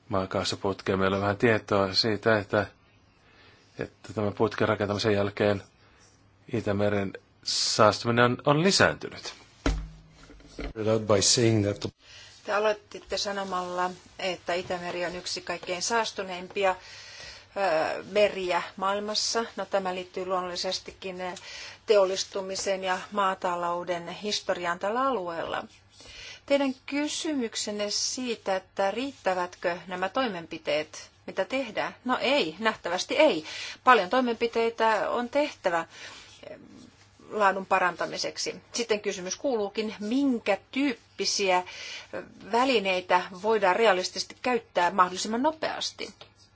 maakaasuputkeen. Meillä on vähän tietoa siitä, että, että tämän putken rakentamisen jälkeen – Itämeren saastuminen on, on lisääntynyt. Te aloititte sanomalla, että Itämeri on yksi kaikkein saastuneimpia meriä maailmassa. No, tämä liittyy luonnollisestikin teollistumisen ja maatalouden historiaan tällä alueella. Teidän kysymyksenne siitä, että riittävätkö nämä toimenpiteet, mitä tehdään? No ei, nähtävästi ei. Paljon toimenpiteitä on tehtävä laadun parantamiseksi. Sitten kysymys kuuluukin, minkä tyyppisiä välineitä voidaan realistisesti käyttää mahdollisimman nopeasti.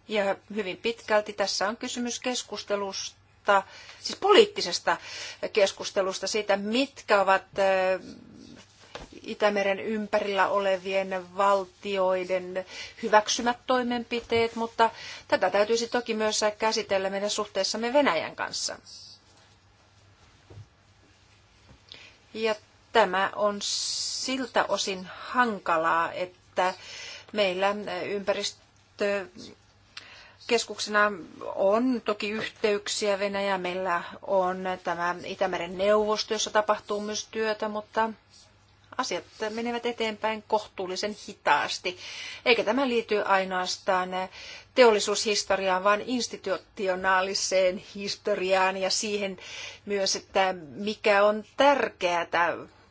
Ja hyvin pitkälti tässä on kysymys keskustelusta, siis poliittisesta keskustelusta siitä, mitkä ovat Itämeren ympärillä olevien valtioiden hyväksymät toimenpiteet, mutta tätä täytyisi toki myös käsitellä meidän suhteessamme Venäjän kanssa. Ja tämä on siltä osin hankalaa, että meillä ympäristö keskuksena on toki yhteyksiä Venäjä, meillä on tämä Itämeren neuvosto, jossa tapahtuu myös työtä, mutta asiat menevät eteenpäin kohtuullisen hitaasti. Eikä tämä liity ainoastaan teollisuushistoriaan, vaan institutionaaliseen historiaan ja siihen myös, että mikä on tärkeää,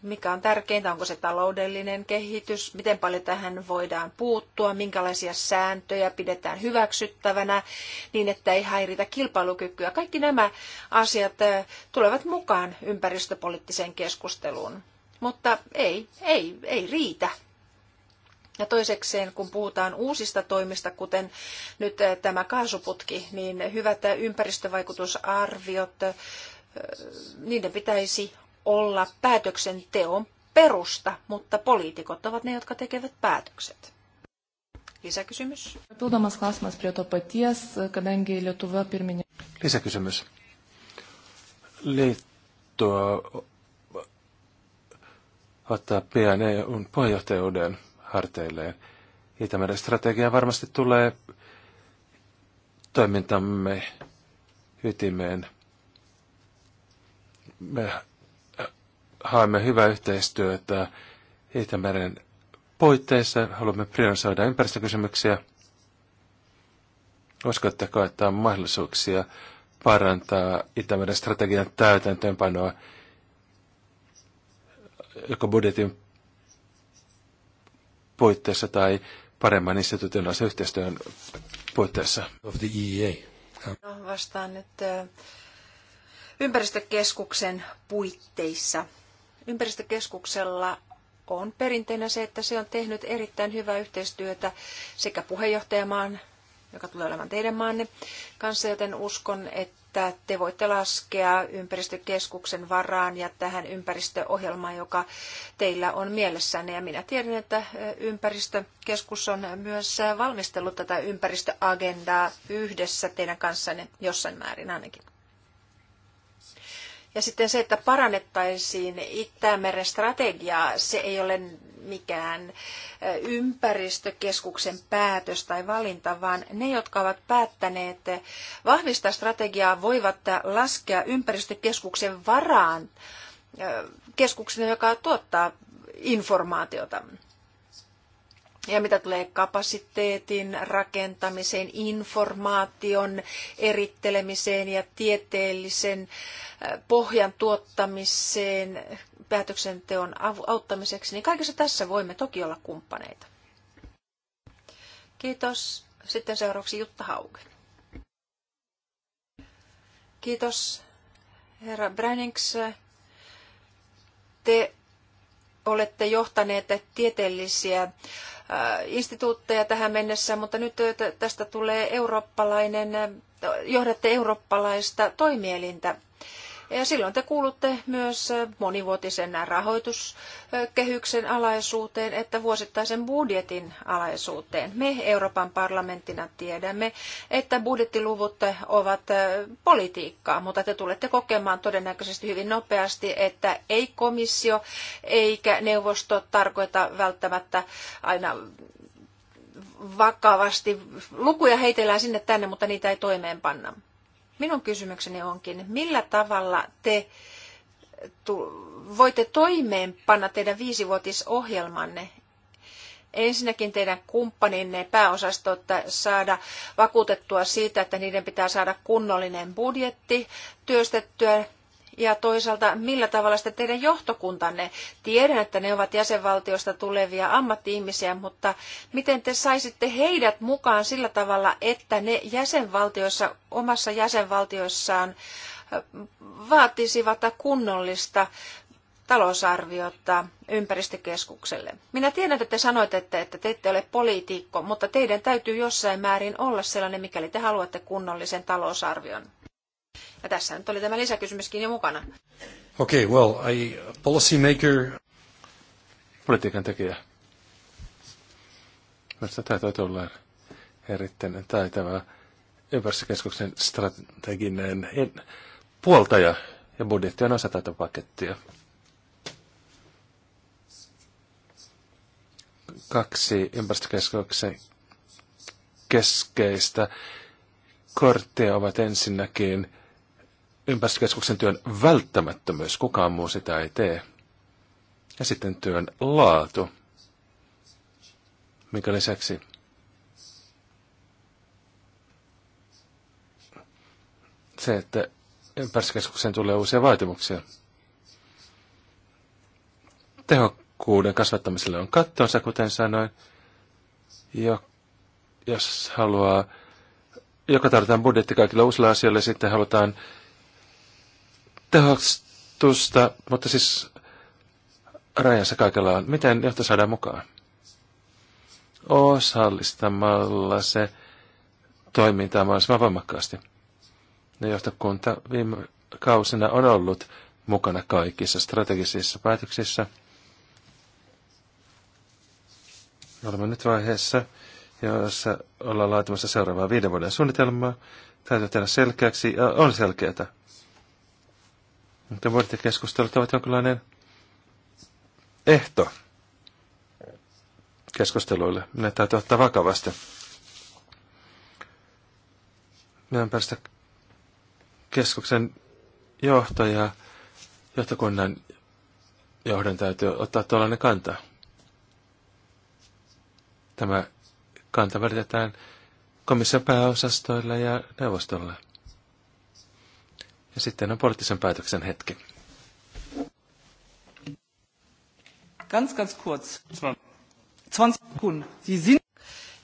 mikä on tärkeintä, onko se taloudellinen kehitys, miten paljon tähän voidaan puuttua, minkälaisia sääntöjä pidetään hyväksyttävänä niin, että ei häiritä kilpailukykyä. Kaikki nämä asiat eh, tulevat mukaan ympäristöpoliittiseen keskusteluun. Mutta ei, ei, ei riitä ja toisekseen, kun puhutaan uusista toimista, kuten nyt eh, tämä kaasuputki, niin hyvät eh, ympäristövaikutusarviot, eh, niiden pitäisi olla päätöksenteon perusta, mutta poliitikot ovat ne, jotka tekevät päätökset. Lisäkysymys. Pildomas Klasmas prie to paties, kadangi Lietuva pirminė. Lisäkysymys. Liittoa ottaa pian EUn puheenjohtajuuden harteilleen. Itämeren strategia varmasti tulee toimintamme ytimeen. Me haemme hyvää yhteistyötä Itämeren puitteissa. Haluamme priorisoida ympäristökysymyksiä. Uskotteko, että on mahdollisuuksia parantaa Itämeren strategian täytäntöönpanoa joko budjetin puitteissa tai paremman institutionaalisen yhteistyön puitteissa? Of the EEA. No, vastaan nyt ympäristökeskuksen puitteissa. Ympäristökeskuksella on perinteinä se, että se on tehnyt erittäin hyvää yhteistyötä sekä puheenjohtajamaan, joka tulee olemaan teidän maanne kanssa, joten uskon, että että te voitte laskea ympäristökeskuksen varaan ja tähän ympäristöohjelmaan, joka teillä on mielessänne. Ja minä tiedän, että ympäristökeskus on myös valmistellut tätä ympäristöagendaa yhdessä teidän kanssanne jossain määrin ainakin. Ja sitten se, että parannettaisiin Itämeren strategiaa, se ei ole mikään ympäristökeskuksen päätös tai valinta, vaan ne, jotka ovat päättäneet vahvistaa strategiaa, voivat laskea ympäristökeskuksen varaan keskuksena, joka tuottaa informaatiota. Ja mitä tulee kapasiteetin rakentamiseen, informaation erittelemiseen ja tieteellisen pohjan tuottamiseen päätöksenteon auttamiseksi, niin kaikessa tässä voimme toki olla kumppaneita. Kiitos. Sitten seuraavaksi Jutta Hauke. Kiitos, herra Brennings. Te olette johtaneet tieteellisiä instituutteja tähän mennessä, mutta nyt tästä tulee eurooppalainen, johdatte eurooppalaista toimielintä. Ja silloin te kuulutte myös monivuotisen rahoituskehyksen alaisuuteen, että vuosittaisen budjetin alaisuuteen. Me Euroopan parlamenttina tiedämme, että budjettiluvut ovat politiikkaa, mutta te tulette kokemaan todennäköisesti hyvin nopeasti, että ei komissio eikä neuvosto tarkoita välttämättä aina vakavasti. Lukuja heitellään sinne tänne, mutta niitä ei toimeenpanna. Minun kysymykseni onkin, millä tavalla te voitte toimeenpanna teidän viisivuotisohjelmanne, ensinnäkin teidän kumppaninne että saada vakuutettua siitä, että niiden pitää saada kunnollinen budjetti työstettyä ja toisaalta millä tavalla sitten teidän johtokuntanne? Tiedän, että ne ovat jäsenvaltioista tulevia ammattiihmisiä, mutta miten te saisitte heidät mukaan sillä tavalla, että ne jäsenvaltioissa, omassa jäsenvaltioissaan vaatisivat kunnollista talousarviota ympäristökeskukselle. Minä tiedän, että te sanoitte, että, että te ette ole poliitikko, mutta teidän täytyy jossain määrin olla sellainen, mikäli te haluatte kunnollisen talousarvion. Ja tässä nyt oli tämä lisäkysymyskin jo mukana. Okay, well, I policy maker... Politiikan tekijä. Minusta täytyy olla erittäin taitava ympäristökeskuksen strateginen puoltaja ja budjetti on osa tätä pakettia. Kaksi ympäristökeskuksen keskeistä korttia ovat ensinnäkin ympäristökeskuksen työn välttämättömyys, kukaan muu sitä ei tee. Ja sitten työn laatu, minkä lisäksi se, että ympäristökeskukseen tulee uusia vaatimuksia. Tehokkuuden kasvattamiselle on kattonsa, kuten sanoin. Jo, jos haluaa, joka tarvitaan budjetti kaikille uusille asioille, sitten halutaan tehostusta, mutta siis rajansa kaikella on. Miten johto saadaan mukaan? Osallistamalla se toimintaa mahdollisimman voimakkaasti. Ja johtokunta viime kausina on ollut mukana kaikissa strategisissa päätöksissä. Olemme nyt vaiheessa, jossa ollaan laatimassa seuraavaa viiden vuoden suunnitelmaa. Täytyy tehdä selkeäksi, ja on selkeää mutta budjettikeskustelut ovat jonkinlainen ehto keskusteluille. Ne täytyy ottaa vakavasti. Meidän päästä keskuksen johtaja, johtokunnan johdon täytyy ottaa tuollainen kanta. Tämä kanta välitetään komission pääosastoille ja neuvostolle. Ja sitten on poliittisen päätöksen hetki. Ganz, ganz kurz. 20 kun.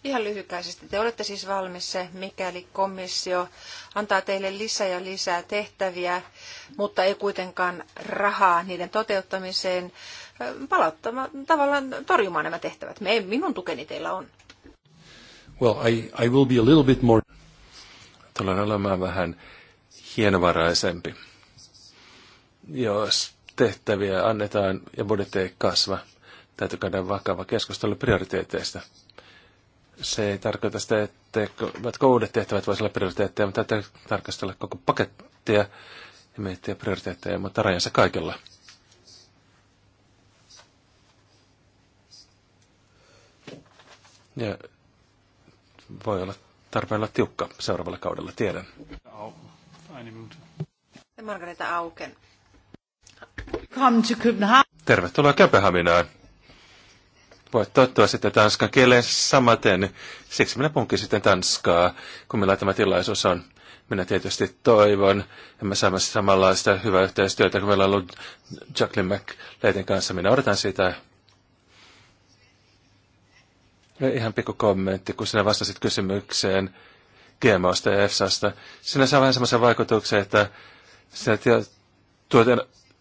Ihan lyhykäisesti. Te olette siis valmis se, mikäli komissio antaa teille lisää ja lisää tehtäviä, mutta ei kuitenkaan rahaa niiden toteuttamiseen palauttamaan, tavallaan torjumaan nämä tehtävät. Me, minun tukeni teillä on. Well, I, I will be a little bit more... Tulen olemaan vähän hienovaraisempi, jos tehtäviä annetaan ja budjetti ei kasva. Täytyy käydä vakava keskustelu prioriteeteista. Se ei tarkoita sitä, että uudet tehtävät voisivat olla prioriteetteja, mutta täytyy tarkastella koko pakettia ja miettiä prioriteetteja, mutta rajansa kaikella. Ja voi olla tarpeella tiukka seuraavalla kaudella, tiedän. Eine Minute. Margareta Auken. Come to Copenhagen. Tervetuloa Köpenhaminaan. Voit tottua sitten tanskan kieleen samaten. Siksi minä punkin sitten tanskaa, kun meillä tämä tilaisuus on. Minä tietysti toivon, että me saamme samanlaista hyvää yhteistyötä kuin meillä on ollut Jacqueline McLeiden kanssa. Minä odotan sitä. Ja ihan pikku kommentti, kun sinä vastasit kysymykseen GMOsta ja EFSAsta. Siinä saa vähän semmoisen vaikutuksen, että sinä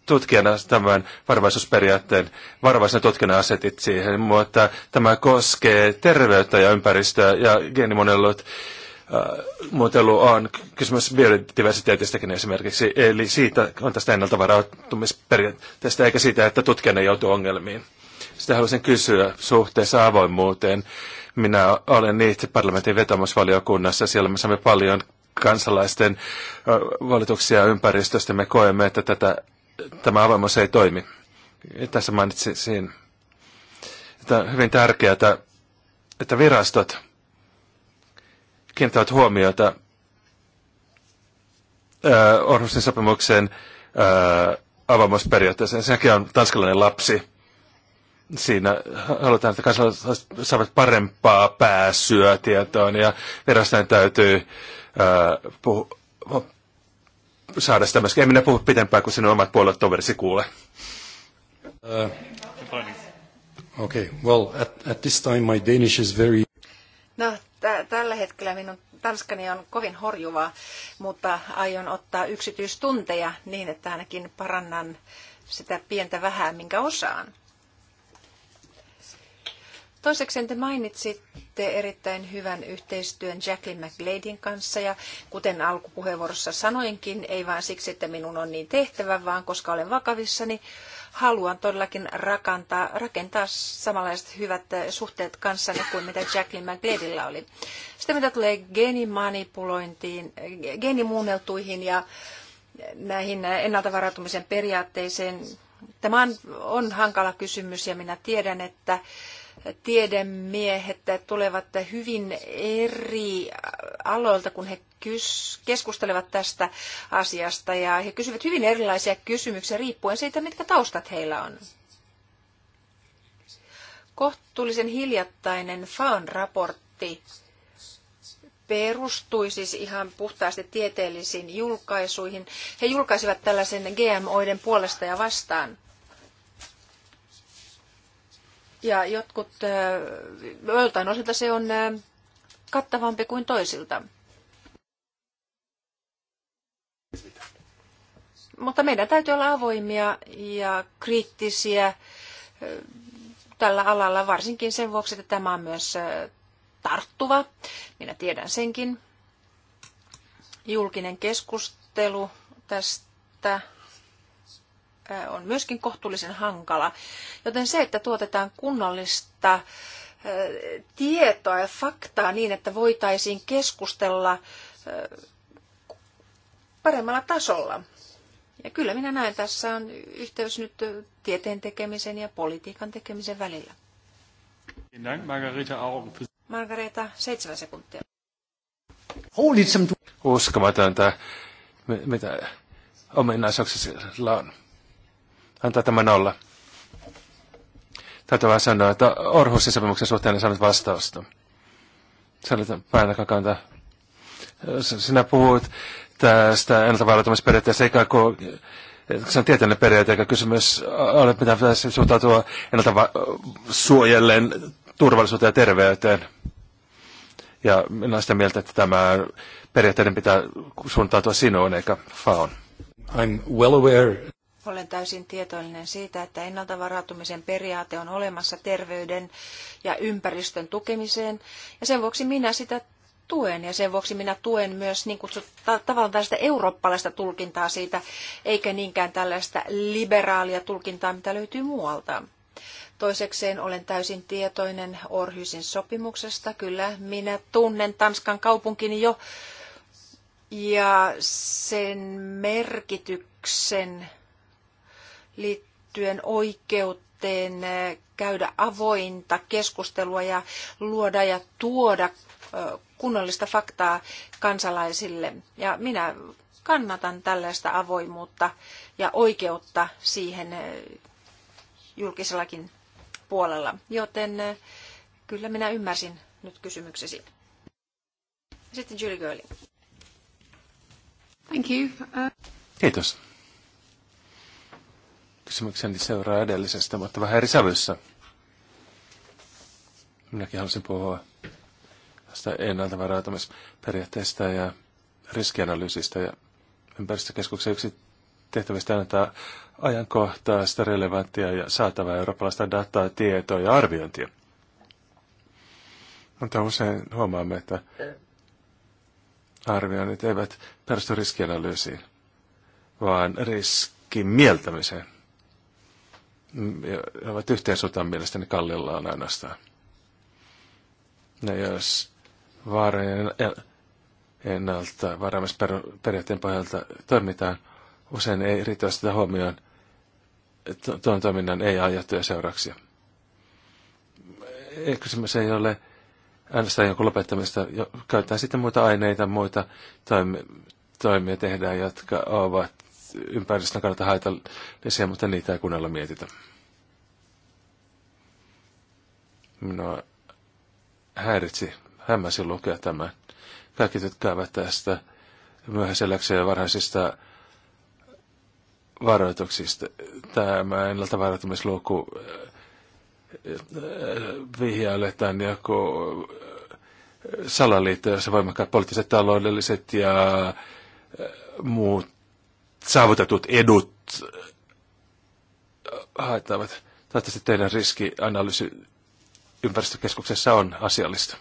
tutkijana tämän varovaisuusperiaatteen varovaisena tutkijana asetit siihen, mutta tämä koskee terveyttä ja ympäristöä ja geenimonellut äh, muotelu on kysymys biodiversiteetistäkin esimerkiksi, eli siitä on tästä ennalta varautumisperiaatteesta, eikä siitä, että tutkijana joutuu ongelmiin. Sitä haluaisin kysyä suhteessa avoimuuteen. Minä olen itse parlamentin vetomusvaliokunnassa. Siellä me saamme paljon kansalaisten valituksia ympäristöstä. Me koemme, että tätä, tämä avoimuus ei toimi. Tässä mainitsin, että on hyvin tärkeää, että, että virastot kiinnittävät huomiota Orhusin sopimuksen ää, Sekin on tanskalainen lapsi siinä halutaan, että kansalaiset saavat parempaa pääsyä tietoon ja verrastain täytyy ää, äh, puhu, saada sitä myöskin. En minä puhu pitempään, kun sinun omat puolet toverisi kuule. Uh, okay, well, at, at this time my Danish is very... No, tällä hetkellä minun tanskani on kovin horjuvaa, mutta aion ottaa yksityistunteja niin, että ainakin parannan sitä pientä vähää, minkä osaan. Toiseksi te mainitsitte erittäin hyvän yhteistyön Jacqueline McGladin kanssa ja kuten alkupuheenvuorossa sanoinkin, ei vain siksi, että minun on niin tehtävä, vaan koska olen vakavissani, niin haluan todellakin rakentaa, rakentaa samanlaiset hyvät suhteet kanssanne kuin mitä Jacqueline McGladilla oli. Sitten mitä tulee geenimanipulointiin, geenimuunneltuihin ja näihin ennalta varautumisen periaatteisiin, tämä on, on hankala kysymys ja minä tiedän, että tiedemiehet tulevat hyvin eri aloilta, kun he keskustelevat tästä asiasta ja he kysyvät hyvin erilaisia kysymyksiä riippuen siitä, mitkä taustat heillä on. Kohtuullisen hiljattainen fan raportti perustui siis ihan puhtaasti tieteellisiin julkaisuihin. He julkaisivat tällaisen GMOiden puolesta ja vastaan ja jotkut, joiltain osilta se on kattavampi kuin toisilta. Mutta meidän täytyy olla avoimia ja kriittisiä tällä alalla, varsinkin sen vuoksi, että tämä on myös tarttuva. Minä tiedän senkin. Julkinen keskustelu tästä Äh, on myöskin kohtuullisen hankala. Joten se, että tuotetaan kunnollista äh, tietoa ja faktaa niin, että voitaisiin keskustella äh, paremmalla tasolla. Ja kyllä minä näen, tässä on yhteys nyt tieteen tekemisen ja politiikan tekemisen välillä. Margareta, seitsemän sekuntia. Uskomatonta, mitä ominaisuuksilla on antaa tämän olla. Täytyy vähän sanoa, että Orhusin sopimuksen suhteen en saanut vastausta. Sä olet päänäkökanta. Sinä puhut tästä ennaltavaaratumisperiaatteesta, eikä kun se on tieteellinen periaate, eikä kysymys ole, mitä pitäisi suhtautua ennalta suojellen turvallisuuteen ja terveyteen. Ja minä olen sitä mieltä, että tämä periaatteiden pitää suuntautua sinuun eikä faon. I'm well aware olen täysin tietoinen siitä, että ennaltavarautumisen periaate on olemassa terveyden ja ympäristön tukemiseen, ja sen vuoksi minä sitä tuen, ja sen vuoksi minä tuen myös niin kutsut, tavallaan tällaista eurooppalaista tulkintaa siitä, eikä niinkään tällaista liberaalia tulkintaa, mitä löytyy muualta. Toisekseen olen täysin tietoinen Orhysin sopimuksesta. Kyllä, minä tunnen Tanskan kaupunkini jo ja sen merkityksen liittyen oikeuteen eh, käydä avointa keskustelua ja luoda ja tuoda eh, kunnollista faktaa kansalaisille. Ja minä kannatan tällaista avoimuutta ja oikeutta siihen eh, julkisellakin puolella. Joten kyllä minä ymmärsin nyt kysymyksesi. Sitten Julie Girling. Thank you. Uh, Kiitos kysymykseni niin seuraa edellisestä, mutta vähän eri sävyssä. Minäkin halusin puhua tästä ennalta varautumisperiaatteesta ja riskianalyysistä ja ympäristökeskuksen yksi tehtävistä antaa ajankohtaista, relevanttia ja saatavaa eurooppalaista dataa, tietoa ja arviointia. Mutta usein huomaamme, että arvioinnit eivät perustu riskianalyysiin, vaan riskin mieltämiseen ja ovat yhteen sotaan mielestäni kallilla on ainoastaan. Ja no jos vaarojen ennalta varaamisperiaatteen pohjalta toimitaan, usein ei riitä sitä huomioon tuon toiminnan ei-ajattuja seurauksia. Kysymys ei ole äänestää jonkun lopettamista. Käytetään sitten muita aineita, muita toimia tehdään, jotka ovat ympäristön kannalta haitallisia, niin mutta niitä ei kunnolla mietitä. Minua häiritsi, hämmäsi lukea tämän. Kaikki tykkäävät tästä myöhäiseläksi ja varhaisista varoituksista. Tämä ennalta varoitumisluku äh, vihjailee tämän joku äh, salaliitto, jossa voimakkaat poliittiset, taloudelliset ja äh, muut saavutetut edut äh, haettavat. Toivottavasti teidän riskianalyysi ympäristökeskuksessa on asiallista.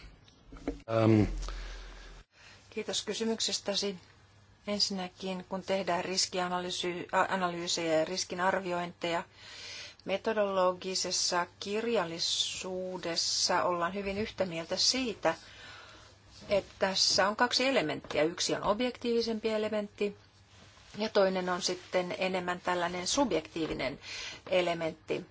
Ähm. Kiitos kysymyksestäsi. Ensinnäkin, kun tehdään riskianalyysejä ja riskinarviointeja, metodologisessa kirjallisuudessa ollaan hyvin yhtä mieltä siitä, että tässä on kaksi elementtiä. Yksi on objektiivisempi elementti, ja toinen on sitten enemmän tällainen subjektiivinen elementti.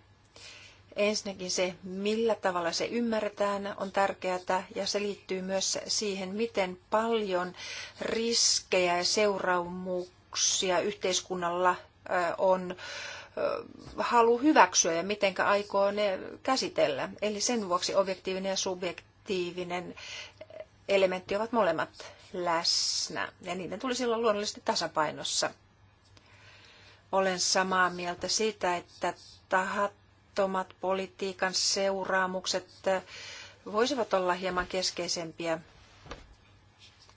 Ensinnäkin se, millä tavalla se ymmärretään, on tärkeää ja se liittyy myös siihen, miten paljon riskejä ja seuraamuksia yhteiskunnalla on halu hyväksyä ja miten aikoo ne käsitellä. Eli sen vuoksi objektiivinen ja subjektiivinen elementti ovat molemmat läsnä. Ja niiden tulisi olla luonnollisesti tasapainossa. Olen samaa mieltä siitä, että tahattomat politiikan seuraamukset eh, voisivat olla hieman keskeisempiä,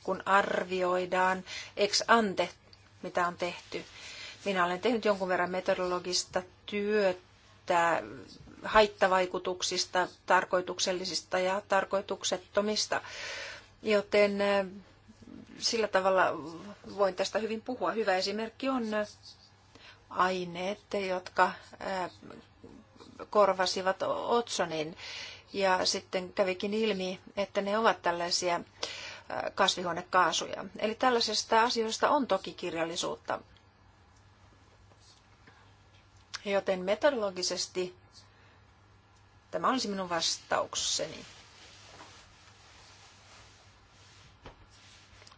kun arvioidaan ex ante, mitä on tehty. Minä olen tehnyt jonkun verran metodologista työtä haittavaikutuksista, tarkoituksellisista ja tarkoituksettomista, joten eh, sillä tavalla voin tästä hyvin puhua. Hyvä esimerkki on äh, aineet, jotka äh, korvasivat otsonin. Ja sitten kävikin ilmi, että ne ovat tällaisia äh, kasvihuonekaasuja. Eli tällaisista asioista on toki kirjallisuutta. Joten metodologisesti tämä olisi minun vastaukseni.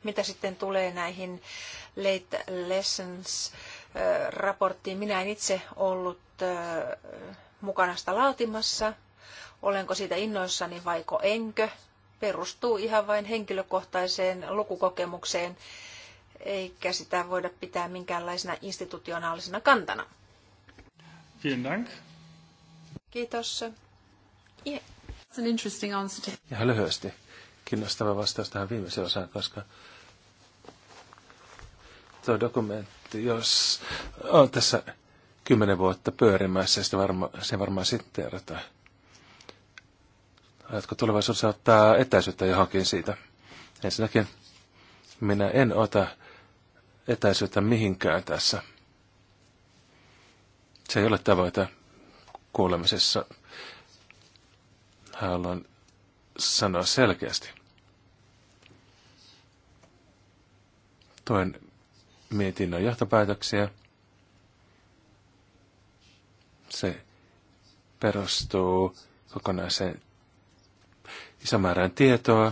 Mitä sitten tulee näihin late lessons raporttiin, minä en itse ollut mukana sitä laatimassa. Olenko siitä innoissani vaiko enkö? Perustuu ihan vain henkilökohtaiseen lukukokemukseen, eikä sitä voida pitää minkäänlaisena institutionaalisena kantana. Vielen Dank. Kiitos. Yeah. It's an interesting answer to... Ihan lyhyesti. Kiinnostava vastaus tähän viimeiseen osaan, koska tuo dokumentti, jos on tässä kymmenen vuotta pyörimässä, se varma, sitten varmaan sitteerata. Ajatko tulevaisuudessa ottaa etäisyyttä johonkin siitä? Ensinnäkin minä en ota etäisyyttä mihinkään tässä. Se ei ole tavoite kuulemisessa. Haluan sanoa selkeästi. Toin mietinnön johtopäätöksiä. Se perustuu kokonaiseen isomäärään tietoa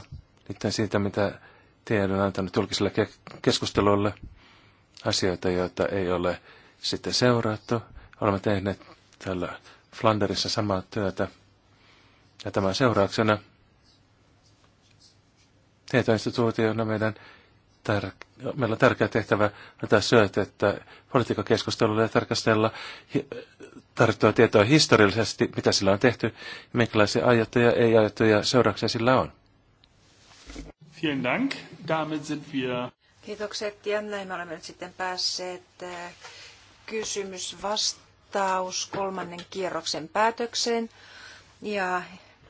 niiden siitä, mitä tiedon on antanut julkiselle ke- keskustelulle. Asioita, joita ei ole sitten seurattu. Olemme tehneet tällä Flanderissa samaa työtä. Ja tämän seurauksena tietoinstituutiona meidän tär- meillä on tärkeä tehtävä antaa että politiikkakeskustelulla ja tarkastella hi- tietoa historiallisesti, mitä sillä on tehty minkälaisia aiottuja ei-aiottuja seurauksia sillä on. Vielen Dank. Damit sind wir... Kiitokset ja näin me olemme nyt sitten päässeet äh, kysymysvastaus kolmannen kierroksen päätökseen. Ja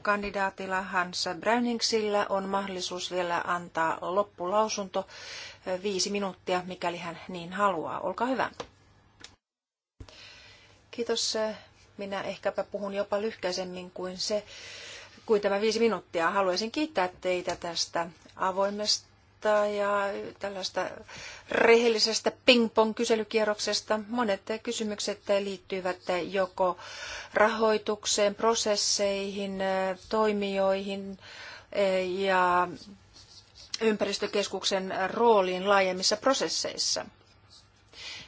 kandidaatilla Hans Browningsillä on mahdollisuus vielä antaa loppulausunto eh, viisi minuuttia, mikäli hän niin haluaa. Olkaa hyvä. Kiitos. Minä ehkäpä puhun jopa lyhkäisemmin kuin se, kuin tämä viisi minuuttia. Haluaisin kiittää teitä tästä avoimesta toimintaa ja tällaista rehellisestä ping-pong-kyselykierroksesta. Monet kysymykset liittyvät joko rahoitukseen, prosesseihin, toimijoihin eh, ja ympäristökeskuksen rooliin laajemmissa prosesseissa.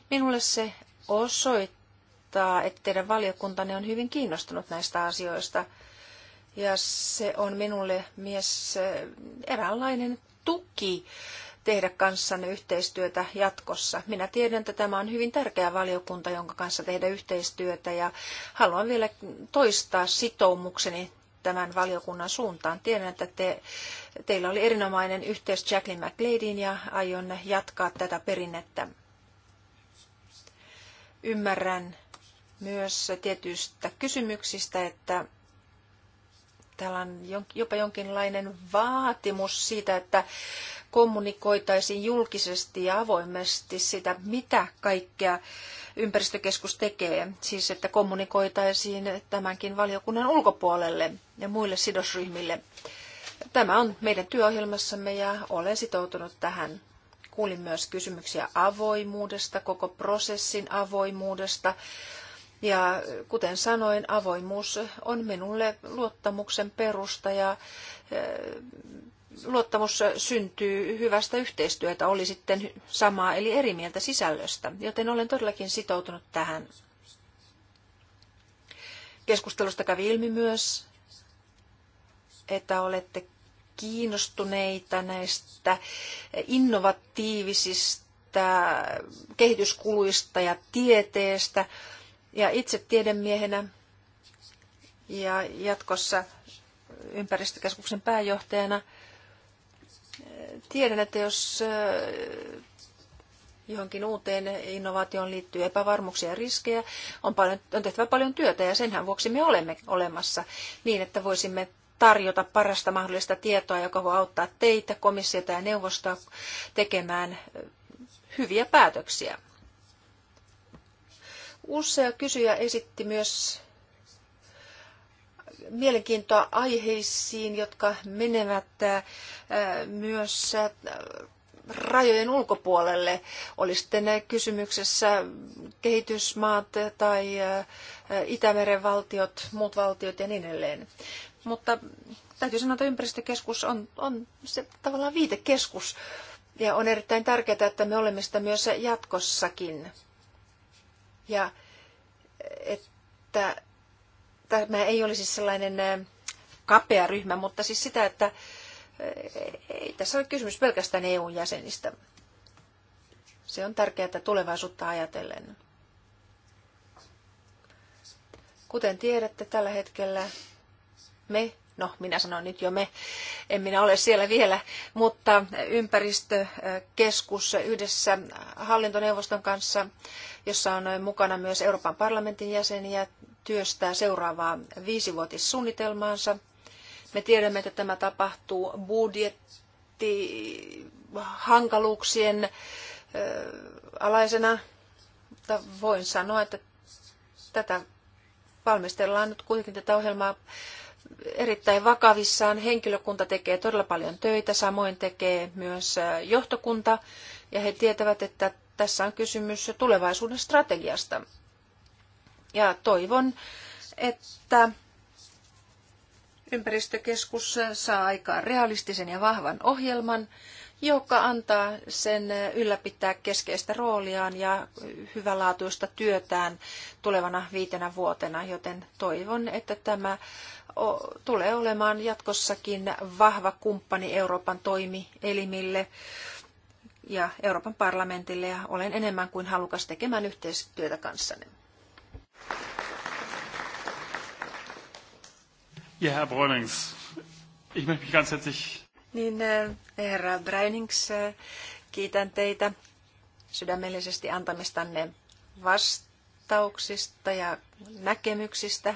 Minulle se osoittaa, että teidän valiokuntanne on hyvin kiinnostunut näistä asioista – ja se on minulle mies eräänlainen tuki tehdä kanssanne yhteistyötä jatkossa. Minä tiedän, että tämä on hyvin tärkeä valiokunta, jonka kanssa tehdä yhteistyötä ja haluan vielä toistaa sitoumukseni tämän valiokunnan suuntaan. Tiedän, että te, teillä oli erinomainen yhteys Jacqueline McLeodin ja aion jatkaa tätä perinnettä. Ymmärrän myös tietyistä kysymyksistä, että täällä on jopa jonkinlainen vaatimus siitä, että kommunikoitaisiin julkisesti ja avoimesti sitä, mitä kaikkea ympäristökeskus tekee. Siis, että kommunikoitaisiin tämänkin valiokunnan ulkopuolelle ja muille sidosryhmille. Tämä on meidän työohjelmassamme ja olen sitoutunut tähän. Kuulin myös kysymyksiä avoimuudesta, koko prosessin avoimuudesta, ja kuten sanoin, avoimuus on minulle luottamuksen perusta ja eh, luottamus syntyy hyvästä yhteistyötä, oli sitten samaa eli eri mieltä sisällöstä, joten olen todellakin sitoutunut tähän. Keskustelusta kävi ilmi myös, että olette kiinnostuneita näistä innovatiivisista kehityskuluista ja tieteestä. Ja itse tiedemiehenä ja jatkossa ympäristökeskuksen pääjohtajana tiedän, että jos äh, johonkin uuteen innovaatioon liittyy epävarmuuksia ja riskejä, on, paljon, on tehtävä paljon työtä ja senhän vuoksi me olemme olemassa niin, että voisimme tarjota parasta mahdollista tietoa, joka voi auttaa teitä, komissiota ja neuvostoa tekemään äh, hyviä päätöksiä. Usea kysyjä esitti myös mielenkiintoa aiheisiin, jotka menevät äh, myös äh, rajojen ulkopuolelle. Oli sitten kysymyksessä kehitysmaat tai äh, Itämeren valtiot, muut valtiot ja niin edelleen. Mutta täytyy sanoa, että ympäristökeskus on, on se tavallaan viitekeskus. Ja on erittäin tärkeää, että me olemme sitä myös jatkossakin ja eh, että tämä ei olisi sellainen eh, kapea ryhmä, mutta siis sitä, että eh, ei tässä ole kysymys pelkästään EU-jäsenistä. Se on tärkeää tulevaisuutta ajatellen. Kuten tiedätte, tällä hetkellä me no minä sanon nyt jo me, en minä ole siellä vielä, mutta ympäristökeskus yhdessä hallintoneuvoston kanssa, jossa on mukana myös Euroopan parlamentin jäseniä, työstää seuraavaa viisivuotissuunnitelmaansa. Me tiedämme, että tämä tapahtuu budjettihankaluuksien alaisena. Voin sanoa, että tätä valmistellaan nyt kuitenkin tätä ohjelmaa erittäin vakavissaan. Henkilökunta tekee todella paljon töitä, samoin tekee myös johtokunta, ja he tietävät, että tässä on kysymys tulevaisuuden strategiasta. Ja toivon, että ympäristökeskus saa aikaan realistisen ja vahvan ohjelman, joka antaa sen ylläpitää keskeistä rooliaan ja hyvälaatuista työtään tulevana viitenä vuotena, joten toivon, että tämä tulee olemaan jatkossakin vahva kumppani Euroopan toimielimille ja Euroopan parlamentille ja olen enemmän kuin halukas tekemään yhteistyötä kanssanne. Ja, Herr ich möchte mich ganz herzlich niin eh, herra Brainings, eh, kiitän teitä sydämellisesti antamistanne vastauksista ja näkemyksistä.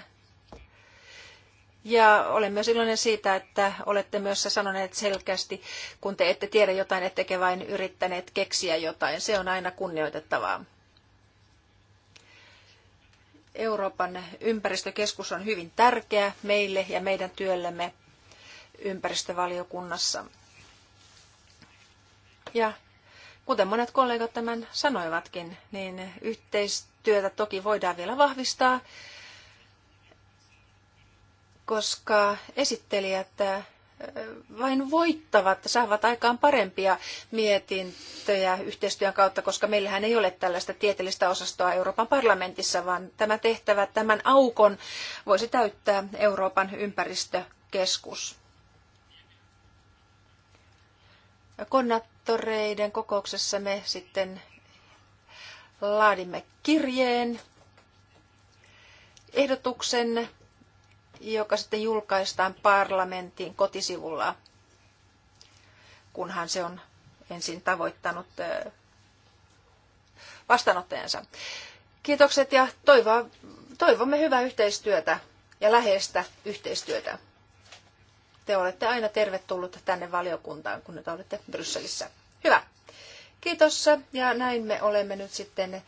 Ja olen myös iloinen siitä, että olette myös sanoneet selkeästi, kun te ette tiedä jotain, ettekä vain yrittäneet keksiä jotain. Se on aina kunnioitettavaa. Euroopan ympäristökeskus on hyvin tärkeä meille ja meidän työllemme ympäristövaliokunnassa. Ja kuten monet kollegat tämän sanoivatkin, niin yhteistyötä toki voidaan vielä vahvistaa, koska esittelijät äh, vain voittavat, saavat aikaan parempia mietintöjä yhteistyön kautta, koska meillähän ei ole tällaista tieteellistä osastoa Euroopan parlamentissa, vaan tämä tehtävä, tämän aukon voisi täyttää Euroopan ympäristökeskus. konnattoreiden kokouksessa me sitten laadimme kirjeen, ehdotuksen, joka sitten julkaistaan parlamentin kotisivulla, kunhan se on ensin tavoittanut vastaanottajansa. Kiitokset ja toivomme hyvää yhteistyötä ja läheistä yhteistyötä te olette aina tervetullut tänne valiokuntaan, kun nyt olette Brysselissä. Hyvä. Kiitos ja näin me olemme nyt sitten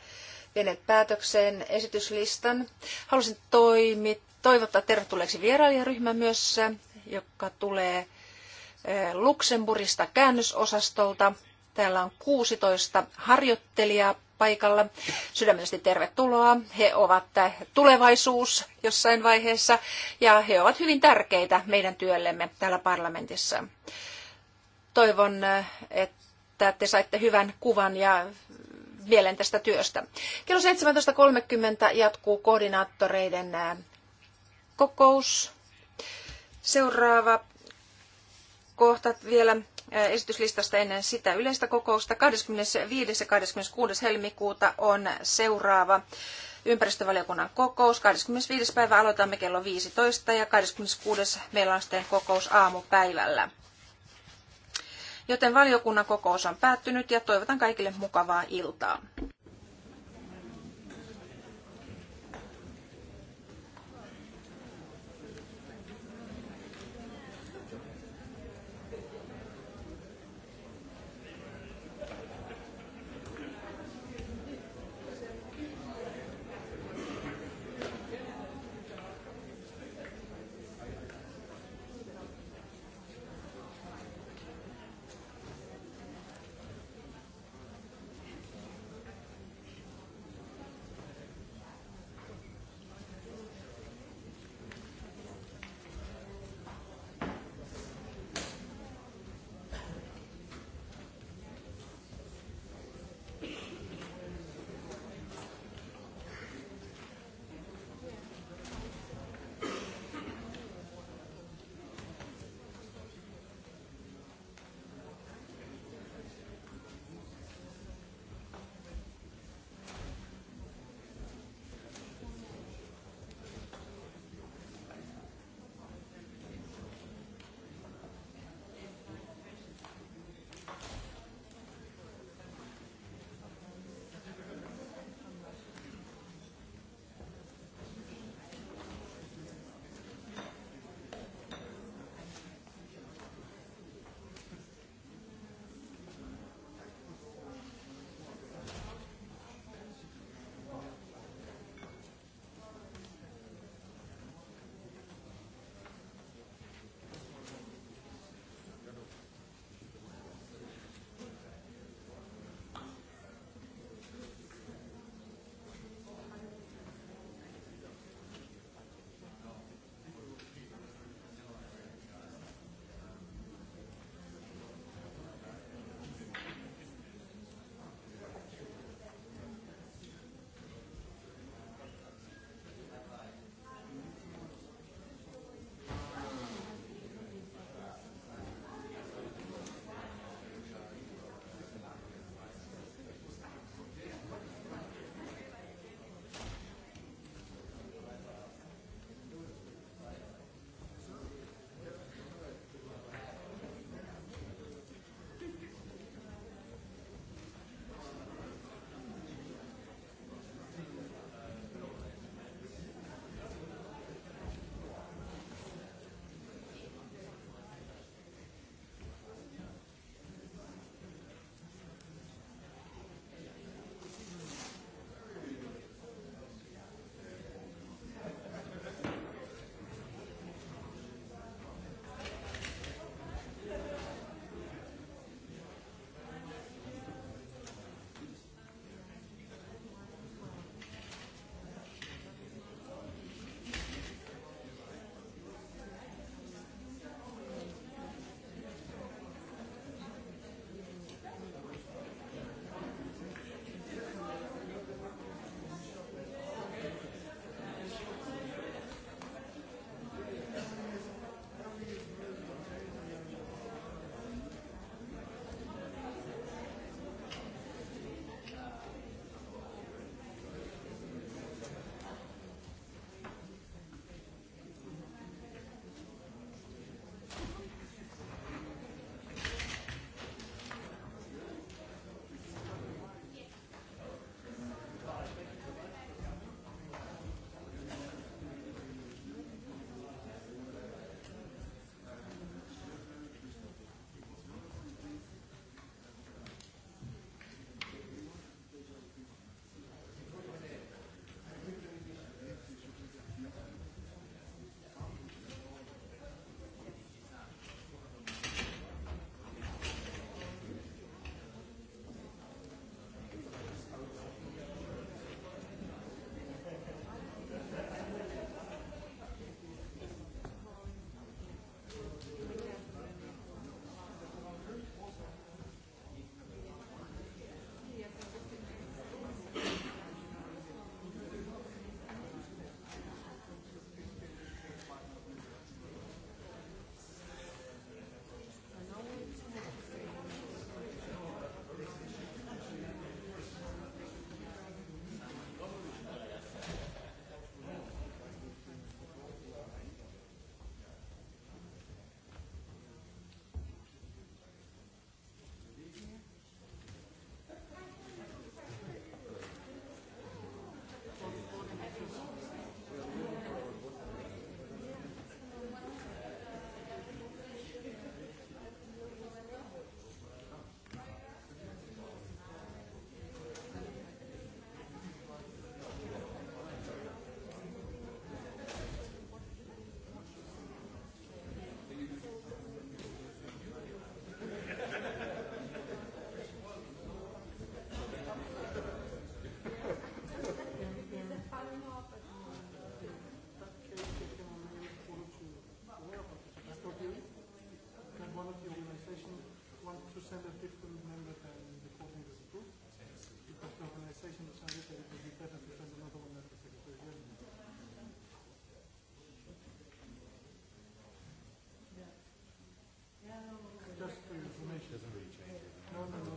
vieneet päätökseen esityslistan. Haluaisin toimi, toivottaa tervetulleeksi vierailijaryhmä myös, joka tulee eh, Luxemburgista käännösosastolta. Täällä on 16 harjoittelijaa paikalla. Sydämellisesti tervetuloa. He ovat tulevaisuus jossain vaiheessa ja he ovat hyvin tärkeitä meidän työllemme täällä parlamentissa. Toivon, että te saitte hyvän kuvan ja mielen tästä työstä. Kello 17.30 jatkuu koordinaattoreiden kokous. Seuraava kohta vielä esityslistasta ennen sitä yleistä kokousta. 25. ja 26. helmikuuta on seuraava ympäristövaliokunnan kokous. 25. päivä aloitamme kello 15 ja 26. meillä on sitten kokous aamupäivällä. Joten valiokunnan kokous on päättynyt ja toivotan kaikille mukavaa iltaa. doesn't really change it. No, no, no.